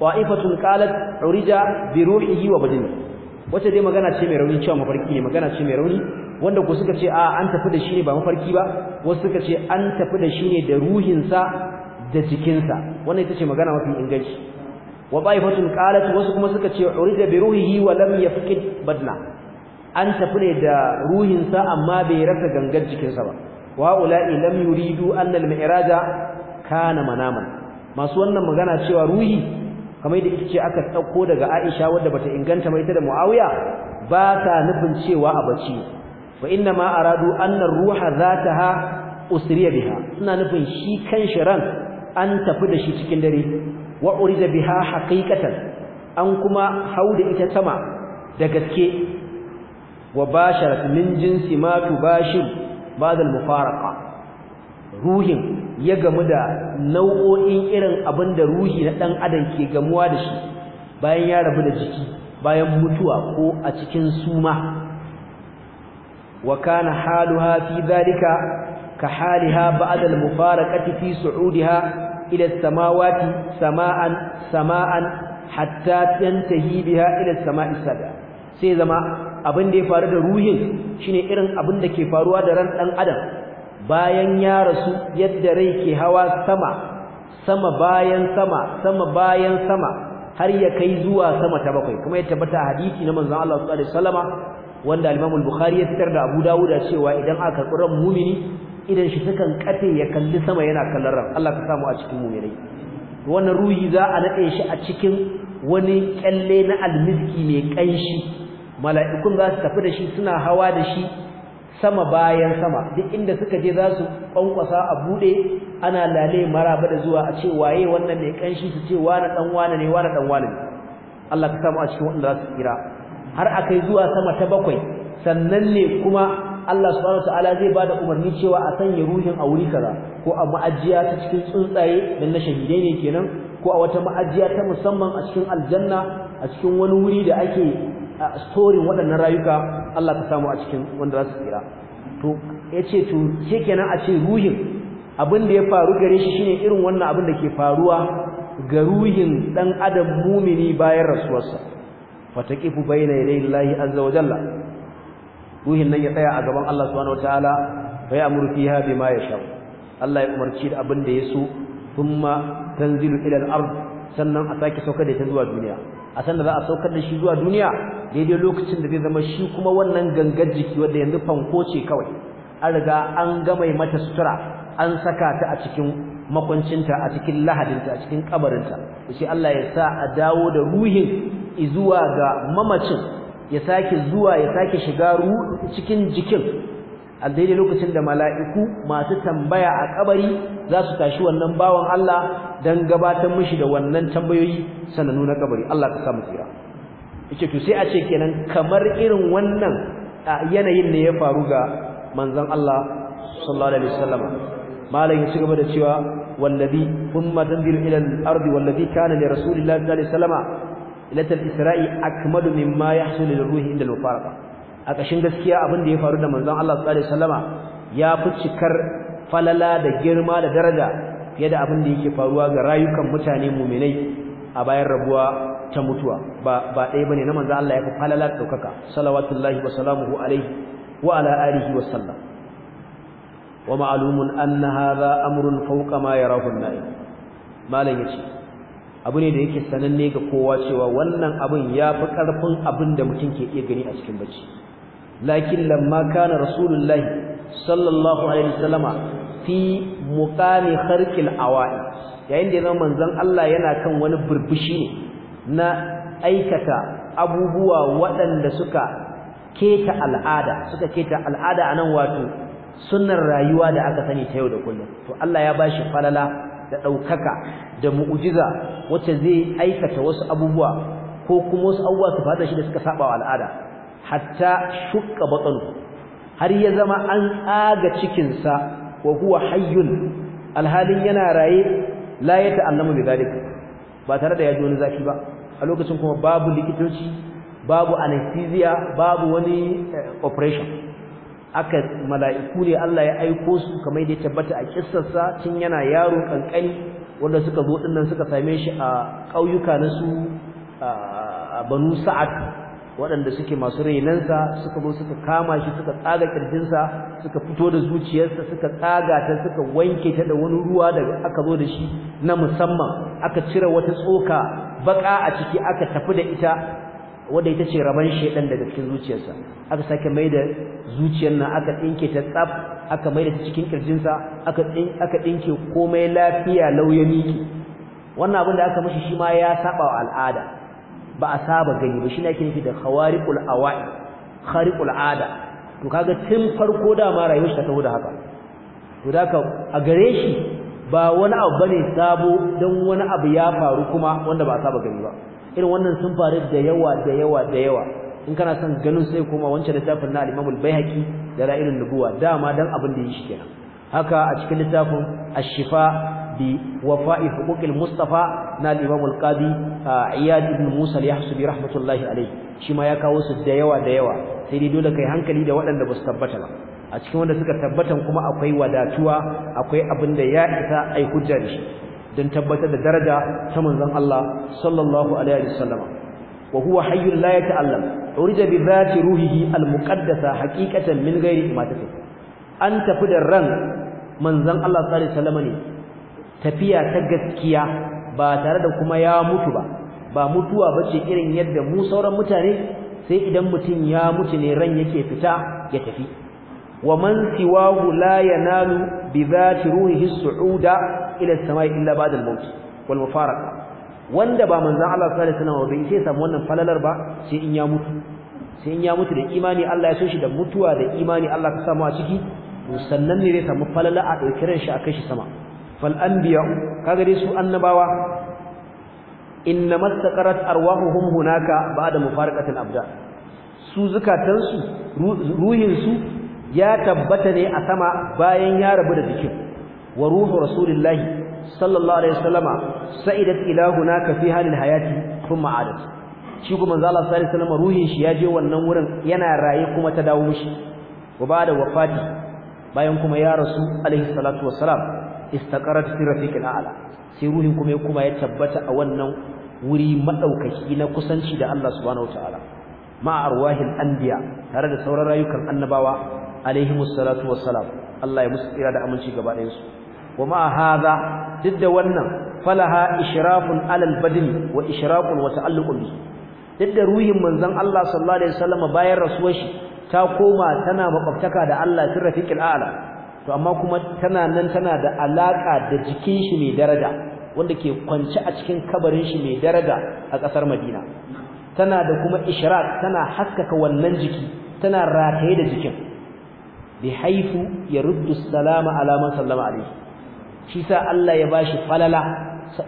qa'ifatun qalat urija bi ruhihi wa badanihi wace dai magana ce mai rauni cewa mafarki ne magana ce mai rauni wanda ku suka ce a an tafi da shi ne ba mafarki ba wasu suka ce an tafi da shi ne da ruhinsa da jikinsa wannan ita ce magana mafi inganci wa ba'ifatun qalat wasu kuma suka ce urida bi ruhihi wa lam yafqid badna an tafi ne da ruhinsa amma bai rasa gangar jikinsa ba wa ula'i lam yuridu an al-mi'raja kana manaman masu wannan magana cewa ruhi kamar da ita ce aka ɗauko daga Aisha wadda bata inganta mai ita da Muawiya ba ta nufin cewa a bace fa inna ma aradu anna ruha zataha usriya biha suna nufin shi kan ran an tafi da shi cikin dare wa urida biha haqiqatan an kuma hauda ita sama da gaske wa basharat min jinsi ma tubashir ba'da al-mufaraqa ruhin ya gamu da nau'o'in irin abin da ruhi na ɗan adam ke gamuwa da shi bayan ya rabu da jiki bayan mutuwa ko a cikin suma wa kana haluha fi zalika ka haliha fara al-mufaraqati fi su'udiha ila samawati sama'an sama'an hatta tantahi biha ila samai sada sai zama abin da ya faru da ruhin shine irin abin da ke faruwa da ran dan adam bayan ya rasu yadda rai ke hawa sama sama bayan sama sama bayan sama har ya kai zuwa sama ta bakwai kuma ya tabbata hadisi na manzon Allah sallallahu alaihi wasallama wanda al-Imam al-Bukhari ya fitar da Abu Dawud cewa idan aka karɓi mumini idan shi sukan kafe ya kalli sama yana kallon ran Allah ka samu a cikin muminai wannan ruhi za a nade shi a cikin wani kyalle na almiski mai kanshi mala'ikun za su tafi da shi suna hawa da shi sama bayan sama duk inda suka je za su kwankwasa a bude ana lale maraba da zuwa a ce waye wannan mai kanshi su ce wani dan wani ne wani dan wani Allah ka samu a cikin wanda za su kira har akai zuwa sama ta bakwai sannan ne kuma Allah subhanahu wataala zai bada umarni cewa a sanya ruhin a wuri kaza ko a ma'ajiya ta cikin tsuntsaye da na shahidai ne kenan ko a wata ma'ajiya ta musamman a cikin aljanna a cikin wani wuri da ake a storin waɗannan rayuka Allah ka samu a cikin wanda za su tsira to yace to kenan a ce ruhin abin da ya faru gare shi shine irin wannan abin da ke faruwa ga ruhin dan adam mumini bayan rasuwarsa fataqifu bayna yaday Allah azza wa jalla ruhin nan ya tsaya a gaban Allah subhanahu wataala fa Habe fiha bima yasha Allah ya umarci da abin da ya so thumma tanzilu ila al-ard sannan a sake sauka da ta zuwa duniya a san da za a saukar da shi zuwa duniya daidai lokacin da zai zama shi kuma wannan gangar jiki wanda yanzu fanko ce kawai an riga an gama mata sutura an saka ta a cikin makwancinta a cikin lahadinta a cikin kabarinta shi Allah ya sa a dawo da ruhin zuwa ga mamacin ya sake zuwa ya sake shiga cikin jikin a daidai lokacin da mala'iku masu tambaya a kabari za su tashi wannan bawan Allah dan gabatar mishi da wannan tambayoyi sananu na kabari Allah ka samu tsira yace to sai a ce kenan kamar irin wannan yanayin ne ya faru ga manzon Allah sallallahu alaihi wasallam malamin su gaba da cewa wallazi thumma tanzilu ila al-ardi wallazi kana li rasulillahi sallallahu alaihi wasallam ila al-isra'i akmalu mimma yahsul lil-ruhi inda al-mufaraqa a ƙashin gaskiya abin da ya faru da manzon Allah sallallahu alaihi wasallama ya fi cikar falala da girma da daraja fiye da abin da yake faruwa ga rayukan mutane mu'minai a bayan rabuwa ta mutuwa ba ba ɗaya bane na manzon Allah ya fi falala daukaka salawatullahi wa salamuhu alaihi wa ala alihi wa sallam wa ma'lumun anna hadha amrun fawqa ma yarahu an-na'im malam yace abu ne da yake sananne ga kowa cewa wannan abin ya fi ƙarfin abin da mutum ke iya gani a cikin bacci lakin lamma kana rasulullah sallallahu alaihi wasallama fi muqami kharqil awai yayin da zama manzon Allah yana kan wani burbushi ne na aikata abubuwa waɗanda suka keta al'ada suka keta al'ada anan wato sunnar rayuwa da aka sani ta yau da kullum to Allah ya bashi falala da ɗaukaka da mu'ujiza wacce zai aikata wasu abubuwa ko kuma wasu abubuwa su fada shi da suka saba wa al'ada hatta shukka batsalu har ya zama an tsaga cikinsa wa huwa hayyun alhalin yana raye la ya ta'allamu bi ba tare da ya ji wani zafi ba a lokacin kuma babu likitoci babu anesthesia babu wani eh, operation aka mala'iku ne Allah ya aiko su kamar da ya tabbata a kissarsa tun yana yaro kankani wanda suka zo dinnan suka same shi a ƙauyuka na su a Banu Sa'ad waɗanda suke masu rainansa suka zo suka kama shi suka tsaga kirjinsa suka fito da zuciyarsa suka tsaga ta suka wanke ta da wani ruwa da aka zo da shi na musamman aka cire wata tsoka baƙa a ciki aka tafi da ita wanda ita ce raban shedan daga cikin zuciyarsa aka sake mai da zuciyar nan aka dinke ta tsaf aka mai da ta cikin kirjinsa aka din aka komai lafiya lauyami wannan abin da aka mishi shi ma ya saba wa al'ada ba a saba gani ba shine ake nufi da khawariqul awai khariqul ada to kaga tun farko dama rayuwar shi ta tafi da haka to da ka a gare shi ba wani abu bane sabo dan wani abu ya faru kuma wanda ba a saba gani ba irin wannan sun faru da yawa da yawa da yawa in kana son ganin sai kuma wancan littafin na imam al-Baihaqi da ra'ilun nubuwa dama dan abin da yake kenan haka a cikin littafin ash-shifa بوفاء حقوق المصطفى نال الإمام القاضي عياد بن موسى اليحسبي رحمة الله عليه شما يكاو سديوا ديوا سيدي دولة كي هنكلي دا وأن بس تبتنا أتكلم أن سكر تبتنا كما أقوي وداتوا أقوي أبن ديا إذا أي حجرش دن تبتنا درجة ثمن ذن الله صلى الله عليه وسلم وهو حي لا يتألم عرج بذات روحه المقدسة حقيقة من غير ما تتكلم an tafi da ran manzon Allah sallallahu alaihi wasallam ne tafiya ta gaskiya ba tare da kuma ya mutu ba ba mutuwa bace irin yadda mu sauran mutane sai idan mutum ya mutu ne ran yake fita ya tafi wa man siwahu la yanalu bi dhati ruhihi su'uda ila as-sama'i illa ba'da al-maut wal mufaraqa wanda ba manzon Allah sallallahu alaihi wasallam bai ce samu wannan falalar ba sai in ya mutu sai in ya mutu da imani Allah ya so shi da mutuwa da imani Allah ka samu a ciki sannan ne zai samu falala a ɗauki shi a kai shi sama fal anbiya kaga dai su annabawa inna mastaqarat arwahuhum hunaka ba'da mufaraqatil abdan su zukatan su ruhin su ya tabbata ne a sama bayan ya rabu da jikin wa ruhu rasulillahi sallallahu alaihi wasallama sa'idat ila hunaka fi halil hayati thumma adat shi kuma manzo Allah sallallahu alaihi wasallama ruhin shi ya je wannan wurin yana raye kuma ta dawo mishi wa da wafati bayan kuma ya rasu alaihi salatu wassalam istaqarat fi rafiqil a'la sai ruhin kuma ya kuma ya tabbata a wannan wuri madaukaki na kusanci da Allah subhanahu wataala ma arwahil anbiya tare da sauran rayukan annabawa alaihimus salatu wassalam Allah ya musu tsira da aminci gaba ɗayan su wa ma hadha duk da wannan falaha ishrafun alal badni wa ishrafun wa ta'alluqun bi duk da ruhin manzon Allah sallallahu alaihi wasallam bayan rasuwar shi ta koma tana makwabtaka da Allah sirrafiqil a'la to amma kuma tana nan tana da alaka da jikin shi mai daraja wanda ke kwance a cikin kabarin shi mai daraja a kasar Madina tana da kuma ishraq tana haskaka wannan jiki tana rataye da jikin bi haifu yaruddu salama ala man sallama alaihi shi sa Allah ya bashi falala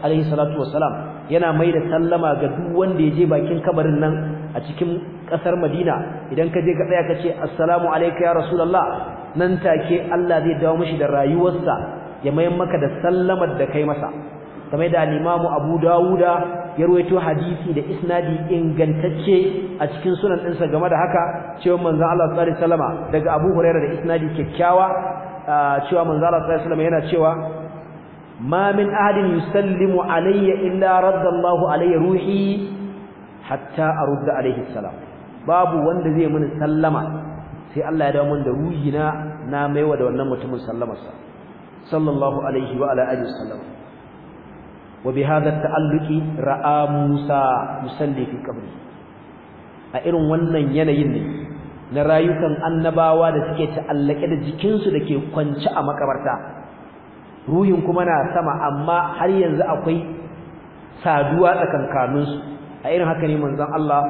alaihi salatu wassalam yana mai da sallama ga duk wanda ya je bakin kabarin nan a cikin kasar Madina idan ka je ka tsaya ka ce assalamu alayka ya rasulullah nan take Allah zai dawo mishi da rayuwarsa ya mayar maka da sallamar da kai masa kamar da al-Imam Abu Dawuda ya ruwaito hadisi da isnadi ingantacce a cikin sunan dinsa game da haka cewa manzo Allah sallallahu alaihi wasallama daga Abu Hurairah da isnadi kyakkyawa cewa manzo Allah sallallahu alaihi yana cewa ma min ahadin yusallimu alayya illa radda Allahu alayya ruhi hatta arudda alayhi salam babu wanda zai mun sallama sai Allah ya dawo da ruhina na maiwa da wannan mutumin sallamarsa sallallahu alaihi wa ala alihi sallam wa bi hadha ta'alluqi ra'a Musa musalli fi qabri a irin wannan yanayin ne na rayukan annabawa da suke ta'allake da jikinsu da ke kwance a makabarta ruhin kuma na sama amma har yanzu akwai saduwa su a irin haka ne manzon Allah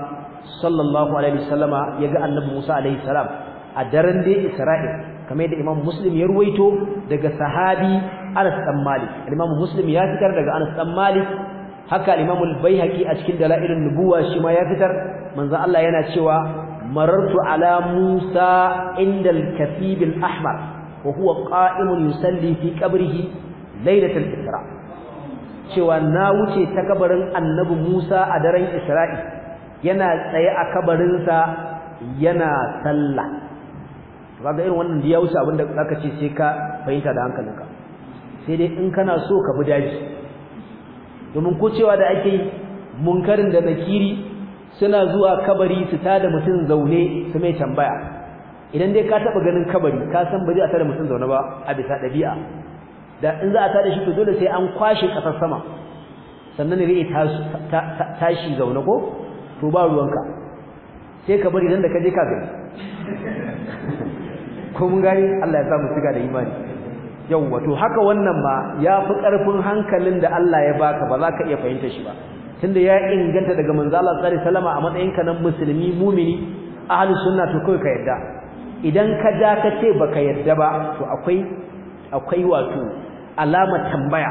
sallallahu alaihi wasallama yaga annabi Musa alaihi salam a daren da Isra'il kamar yadda Imam Muslim ya ruwaito daga sahabi Anas dan Malik Imam Muslim ya fitar daga Anas dan Malik haka Imam al-Baihaqi a cikin Dalailun Nubuwa shi ma ya fitar manzo Allah yana cewa marartu ala Musa inda al Ahmad, al-Ahmar wa huwa qa'imun yusalli fi qabrihi Isra cewa na wuce ta kabarin Annabi Musa a daren Isra'il yana tsaye a kabarinsa yana sallah kaga irin wannan da ya wuce abinda zaka ce sai ka fahimta da hankalinka sai dai in kana so ka bi daji domin ko cewa da ake munkarin da nakiri suna zuwa kabari su tada mutum zaune su mai tambaya idan dai ka taba ganin kabari ka san ba zai a tada mutum zaune ba a bisa dabi'a da in za a tada shi to dole sai an kwashe kasar sama sannan ne tashi zaune ko to ba ruwanka sai ka bari nan da ka je ka gani ko mun gani Allah ya sa mu siga da imani Yau to haka wannan ma fi karfin hankalin da Allah ya baka ba za ka iya fahimta shi ba tunda ya inganta daga manzo Allah sallallahu alaihi wasallam a matsayin ka nan musulmi mumini ahli sunna to kai ka yadda idan ka ja ka ce baka yadda ba to akwai akwai wato alama tambaya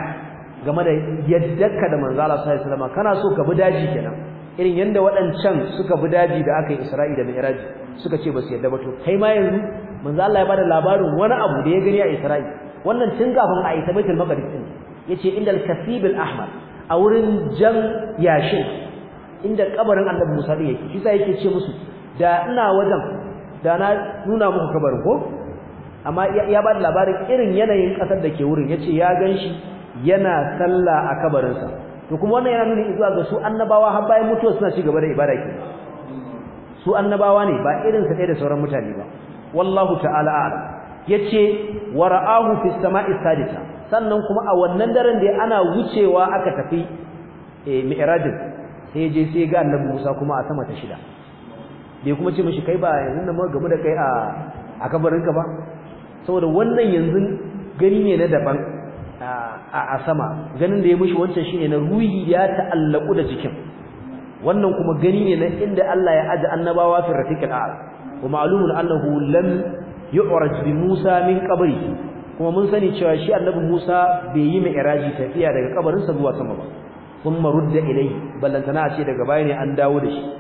game da yaddarka da manzo Allah sallallahu alaihi wasallam kana so ka bi daji kenan irin yanda waɗancan suka bi daji da aka yi Isra'ila da Mi'raj suka ce ba su yadda ba to kai ma yanzu manzo Allah ya bada labarin wani abu da ya gani a Isra'il, wannan tun kafin a isa baitul maqdis din yace inda al-kasib al-ahmar a wurin jan yashin inda kabarin Annabi Musa din yake shi yake ce musu da ina wajen da na nuna muku kabarin ko amma ya bada labarin irin yanayin kasar da ke wurin yace ya ganshi yana sallah a kabarinsa to kuma wannan yana nuna zuwa ga su annabawa har bayan mutuwa suna ci gaba da ibada ke su annabawa ne ba irin sa da sauran mutane ba wallahu ta'ala a'lam yace wara'ahu fi samai sadisa sannan kuma a wannan daren da ana wucewa aka tafi eh, mi'rajin sai je sai ga annabi Musa kuma a sama ta shida bai kuma ce mishi kai ba yanzu nan ma gamu da kai a a ka ba saboda wannan yanzu gani ne na daban a sama ganin da ya mishi wancan shine na ruhi ya ta'allaku da jikin wannan kuma gani ne na inda Allah ya aje annabawa fi rafiqil a'la ومعلوم أنه لم يعرج بموسى من قبره kuma mun sani cewa shi annabi Musa bai yi mi'raji tafiya daga kabarinsa zuwa sama ba kuma rudda ilai ballantana a ce daga baya ne an dawo da shi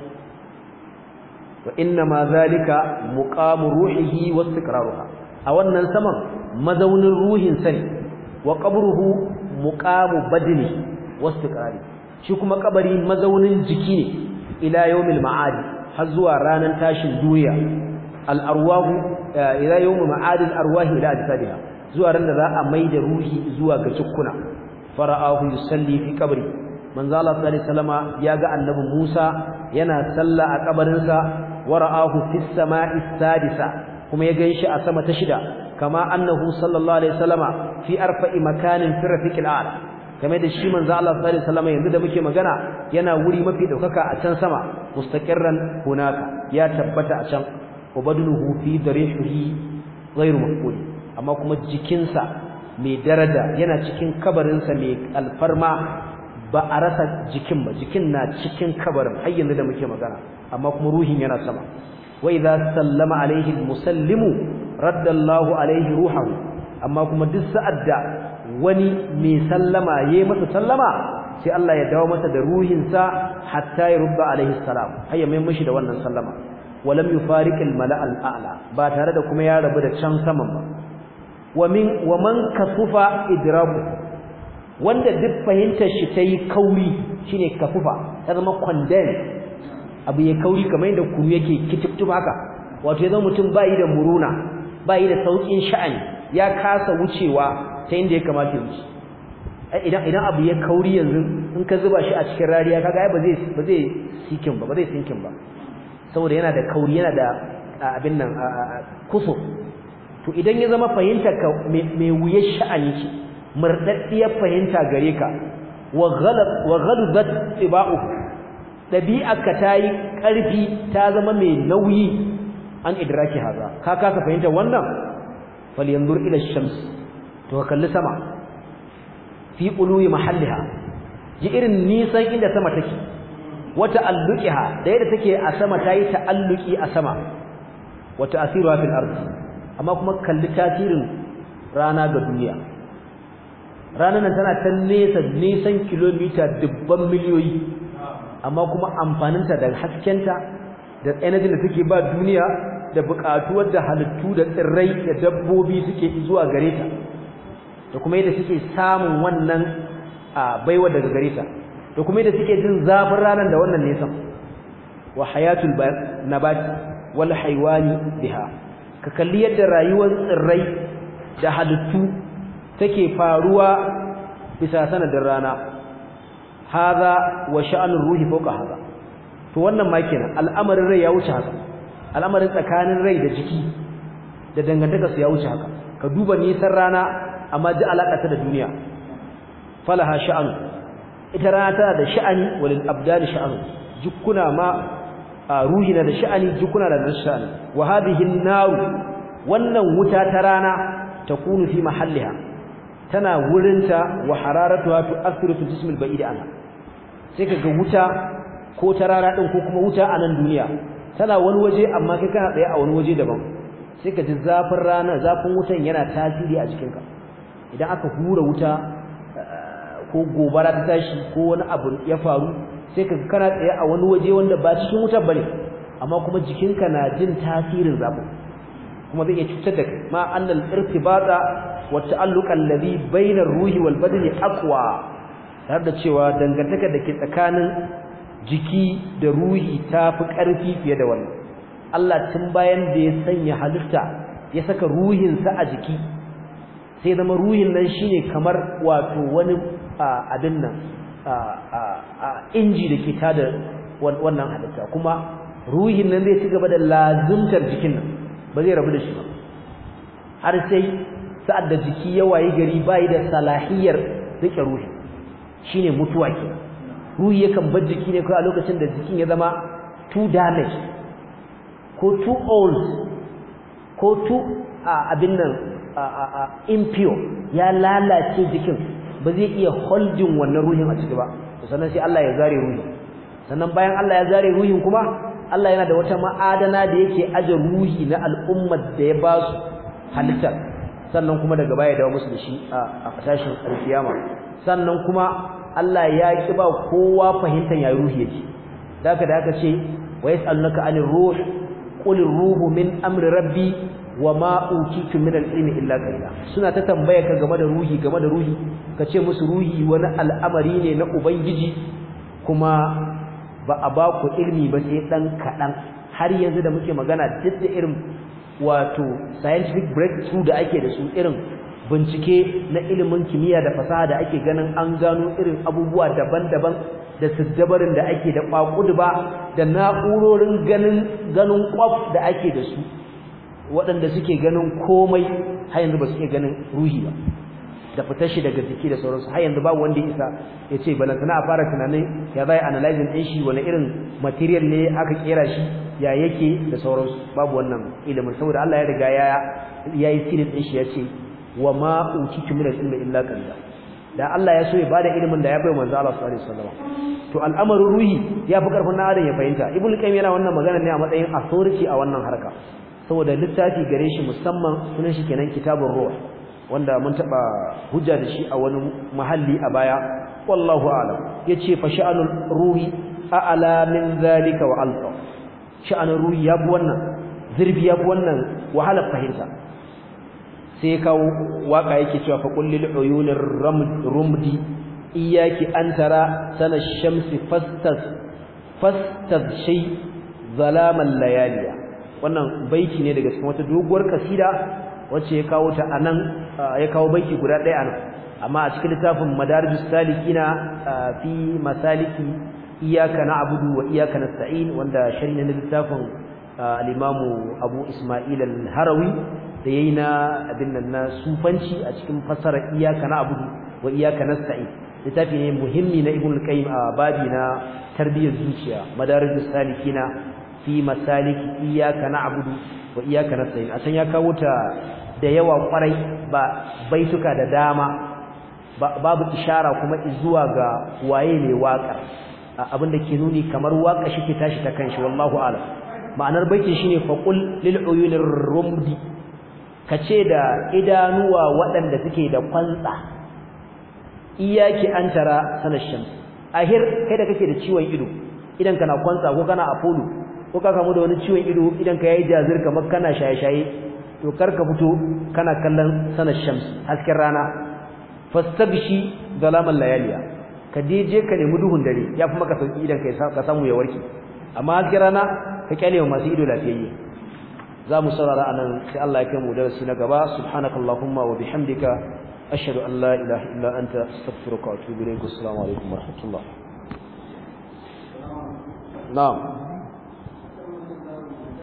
wa inna ma zalika muqamu ruhihi wa istiqraruha a wannan saman mazaunin ruhin ne wa qabruhu muqamu badni wa istiqrari shi kuma kabari mazaunin jiki ne ila yawmil ma'ad har zuwa ranar tashin duniya al'arwahu eh, ila yawm ma'ad al'arwahi ila ajsadiha zuwa ran da za a maida ruhi zuwa ga cikkuna fara'ahu yusalli fi qabri manzo Allah sallallahu alaihi wasallama yaga annabi Musa yana salla a kabarinsa wara'ahu fis sama'i sadisa kuma ya ganshi a sama ta shida kama annahu sallallahu alaihi wasallama fi arfa'i makanin fi rafiqil a'la game da shi manzo Allah sallallahu alaihi wasallam yanzu da muke magana yana wuri mafi daukaka a can sama mustaqirran hunaka ya tabbata a can ubadluhu fi darihihi ghairu maqbul amma kuma jikinsa mai daraja yana cikin kabarinsa mai alfarma ba a rasa jikin ba jikin na cikin kabarin har yanzu da muke magana amma kuma ruhin yana sama wa idza sallama alaihi almusallimu radda Allahu alaihi ruhahu amma kuma duk sa'ad da wani mai sallama yayi masa sallama sai Allah ya dawo masa da ruhinsa hatta ya rubba alaihi salam hayya mai mishi da wannan sallama walam yufariq al a'la ba tare da kuma ya rabu da can saman ba wa min wa man kasufa idrabu wanda duk fahimtar shi tayi kauri shine kasufa, ya zama condemn abu ya kauri kamar yadda kuru yake kitubtum haka wato ya zama mutum bai da muruna bai da saukin sha'ani ya kasa wucewa ta inda ya kamata ya wuce idan idan abu ya kauri yanzu in ka zuba shi a cikin rariya kaga ai ba zai ba zai sikin ba ba zai sinkin ba saboda yana da kauri yana da abin nan kusur to idan ya zama fahimta ka mai wuyar sha'ani ce murdaddiyar fahimta gare ka wa ghalab wa ghalabat ka ta yi karfi ta zama mai nauyi an idraki haza ka kasa fahimta wannan falyanzur ila shams to kalli sama fi quluyi mahalliha ji irin nisan inda sama take wata alluqiha da yadda take a sama tayi ta'alluqi a sama wata asiru fil ard amma kuma kalli tasirin rana ga duniya ranar nan tana ta nesa nisan kilomita dubban miliyoyi amma kuma amfaninta da haskenta da energy da take ba duniya da buƙatuwar da halittu da tsirrai da dabbobi suke zuwa gare ta da kuma yadda suke samun wannan baiwa daga gare ta da kuma yadda suke jin zafin ranar da wannan nesan wa hayatul nabat wal haywani biha ka kalli yadda rayuwar tsirrai da halittu take faruwa bisa sanadin rana hadha wa sha'anur ruhi fawqa hadha to wannan ma kenan al'amarin rai ya wuce haka al'amarin tsakanin rai da jiki da dangantaka su ya wuce haka ka duba nisan rana amma duk alaka ta da duniya falaha sha'an ita rata da sha'ani walil abdan sha'an jukuna ma ruhina da sha'ani jukuna da sha'ani wa hadhihi an-nar wannan wuta ta rana takunu fi mahalliha tana wurinta wa hararatuha tu'athiru fi jismil ba'id ana? sai kaga wuta ko ta rana din ko kuma wuta a nan duniya tana wani waje amma kai kana tsaye a wani waje daban sai ka ji zafin rana zafin wutan yana tasiri a jikinka idan aka hura wuta eh, ko gobara ta tashi ko wani abu ya faru sai ka kana tsaye a wani waje wanda ba cikin wutar bane amma kuma jikinka na jin tasirin zafin kuma zai iya cutar da kai ma annal irtibata wa ta'alluq alladhi bayna ruhi wal badani aqwa tare da cewa dangantaka da ke tsakanin jiki da ruhi ta fi ƙarfi fiye da wannan Allah tun bayan da ya sanya halitta ya saka ruhinsa a jiki sai zama ruhin nan shi ne kamar wato wani abin nan inji da ke tada wannan halitta kuma ruhin nan zai ci gaba da lazumtar jikin nan ba zai rabu da shi ba har sai sa'ad da jiki ya wayi gari bayi da salahiyar rike ruhi shi ne mutuwa ke ruhi yakan bar jiki ne kawai a lokacin da jikin ya zama too damaged ko too old ko too abin nan impure ya lalace jikin ba zai iya holding wannan ruhin a ciki ba sannan sai Allah ya zare ruhi sannan bayan Allah ya zare ruhin kuma Allah yana da wata ma'adana da yake aje ruhi na al'ummar da ya ba su halittar sannan kuma daga baya dawo musu da shi a tashin alkiyama sannan kuma Allah ya ki ba kowa fahimtar ya ruhi yake daka da aka ce wa yas'alunaka anir ruh qul ruhu min amri rabbi wa ma utitu min al-ilmi illa qalila suna ta tambaya ka game da ruhi game da ruhi ka ce musu ruhi wani al'amari ne na ubangiji kuma ba a ba ku ilmi ba sai dan kadan har yanzu da muke magana duk irin wato scientific breakthrough da ake da su irin bincike na ilimin kimiyya da fasaha da ake ganin an gano irin abubuwa daban-daban da siddabarin da ake da kwakudu ba da na'urorin ganin ganin kwaf da ake da su waɗanda suke ganin komai har yanzu ba su ganin ruhi ba da fitar shi daga jiki da sauransu har yanzu babu wanda ya isa ya ce balantana a fara tunanin ya zai analyzing ɗin shi wani irin material ne aka kera shi ya yake da sauransu babu wannan ilimin saboda Allah ya riga ya ya yi sirrin ɗin shi ya ce wa ma utitu min al-ilmi illa qalila da Allah ya so ya bada ilimin da ya bai manzo Allah sallallahu alaihi wasallam to al'amarin ruhi ya fi karfin na ya fahimta ibnu qayyim yana wannan magana ne a matsayin authority a wannan harka saboda littafi gare shi musamman sunan shi kenan kitabun ruh wanda mun taba hujja da shi a wani mahalli a baya wallahu a'lam yace fa sha'anul ruhi a'la min zalika wa alqa sha'anul ruhi ya bu wannan zirbi ya bu wannan wahala fahimta sai kawo waka yake cewa fa kullil uyunir rumdi iyaki an tara sana shamsi fastas fastas shay zalamal layaliya wannan baiki ne daga cikin wata doguwar kasida wacce ya kawo ta anan ya kawo baiki guda ɗaya anan amma a cikin littafin madarijus salikina fi masaliki na abudu wa na nasta'in wanda sharhi na littafin alimamu abu isma'il al-harawi da yi na abin nan na sufanci a cikin fasara na abudu wa na nasta'in littafi ne muhimmi na ibn al-qayyim a babi na tarbiyyar zuciya madarijus salikina fi masaliki iyyaka na'budu wa iyyaka nasta'in a san ya kawo ta da yawa kwarai ba baituka da dama babu ishara kuma zuwa ga waye ne waka abinda ke nuni kamar waka shi ke tashi ta kanshi wallahu a'lam ma'anar baitin shine qul lil uyunir rumdi kace da idanuwa waɗanda suke da kwantsa iyaki antara sanashin ahir kai da kake da ciwon ido idan kana kwantsa ko kana apolo ko ka kamu da wani ciwon ido idan ka yayi jazir kamar kana shaye-shaye to kar ka fito kana kallon sanar shams hasken rana fastabshi zalaman layaliya ka je ka nemi duhun dare ya fi maka sauki idan ka samu ya warke amma hasken rana ka kyale masu ido lafiyayye za mu saurara anan sai Allah ya kai mu darasi na gaba subhanakallahumma wa bihamdika ashhadu an la ilaha illa anta astaghfiruka wa atubu ilayk assalamu alaikum wa rahmatullah na'am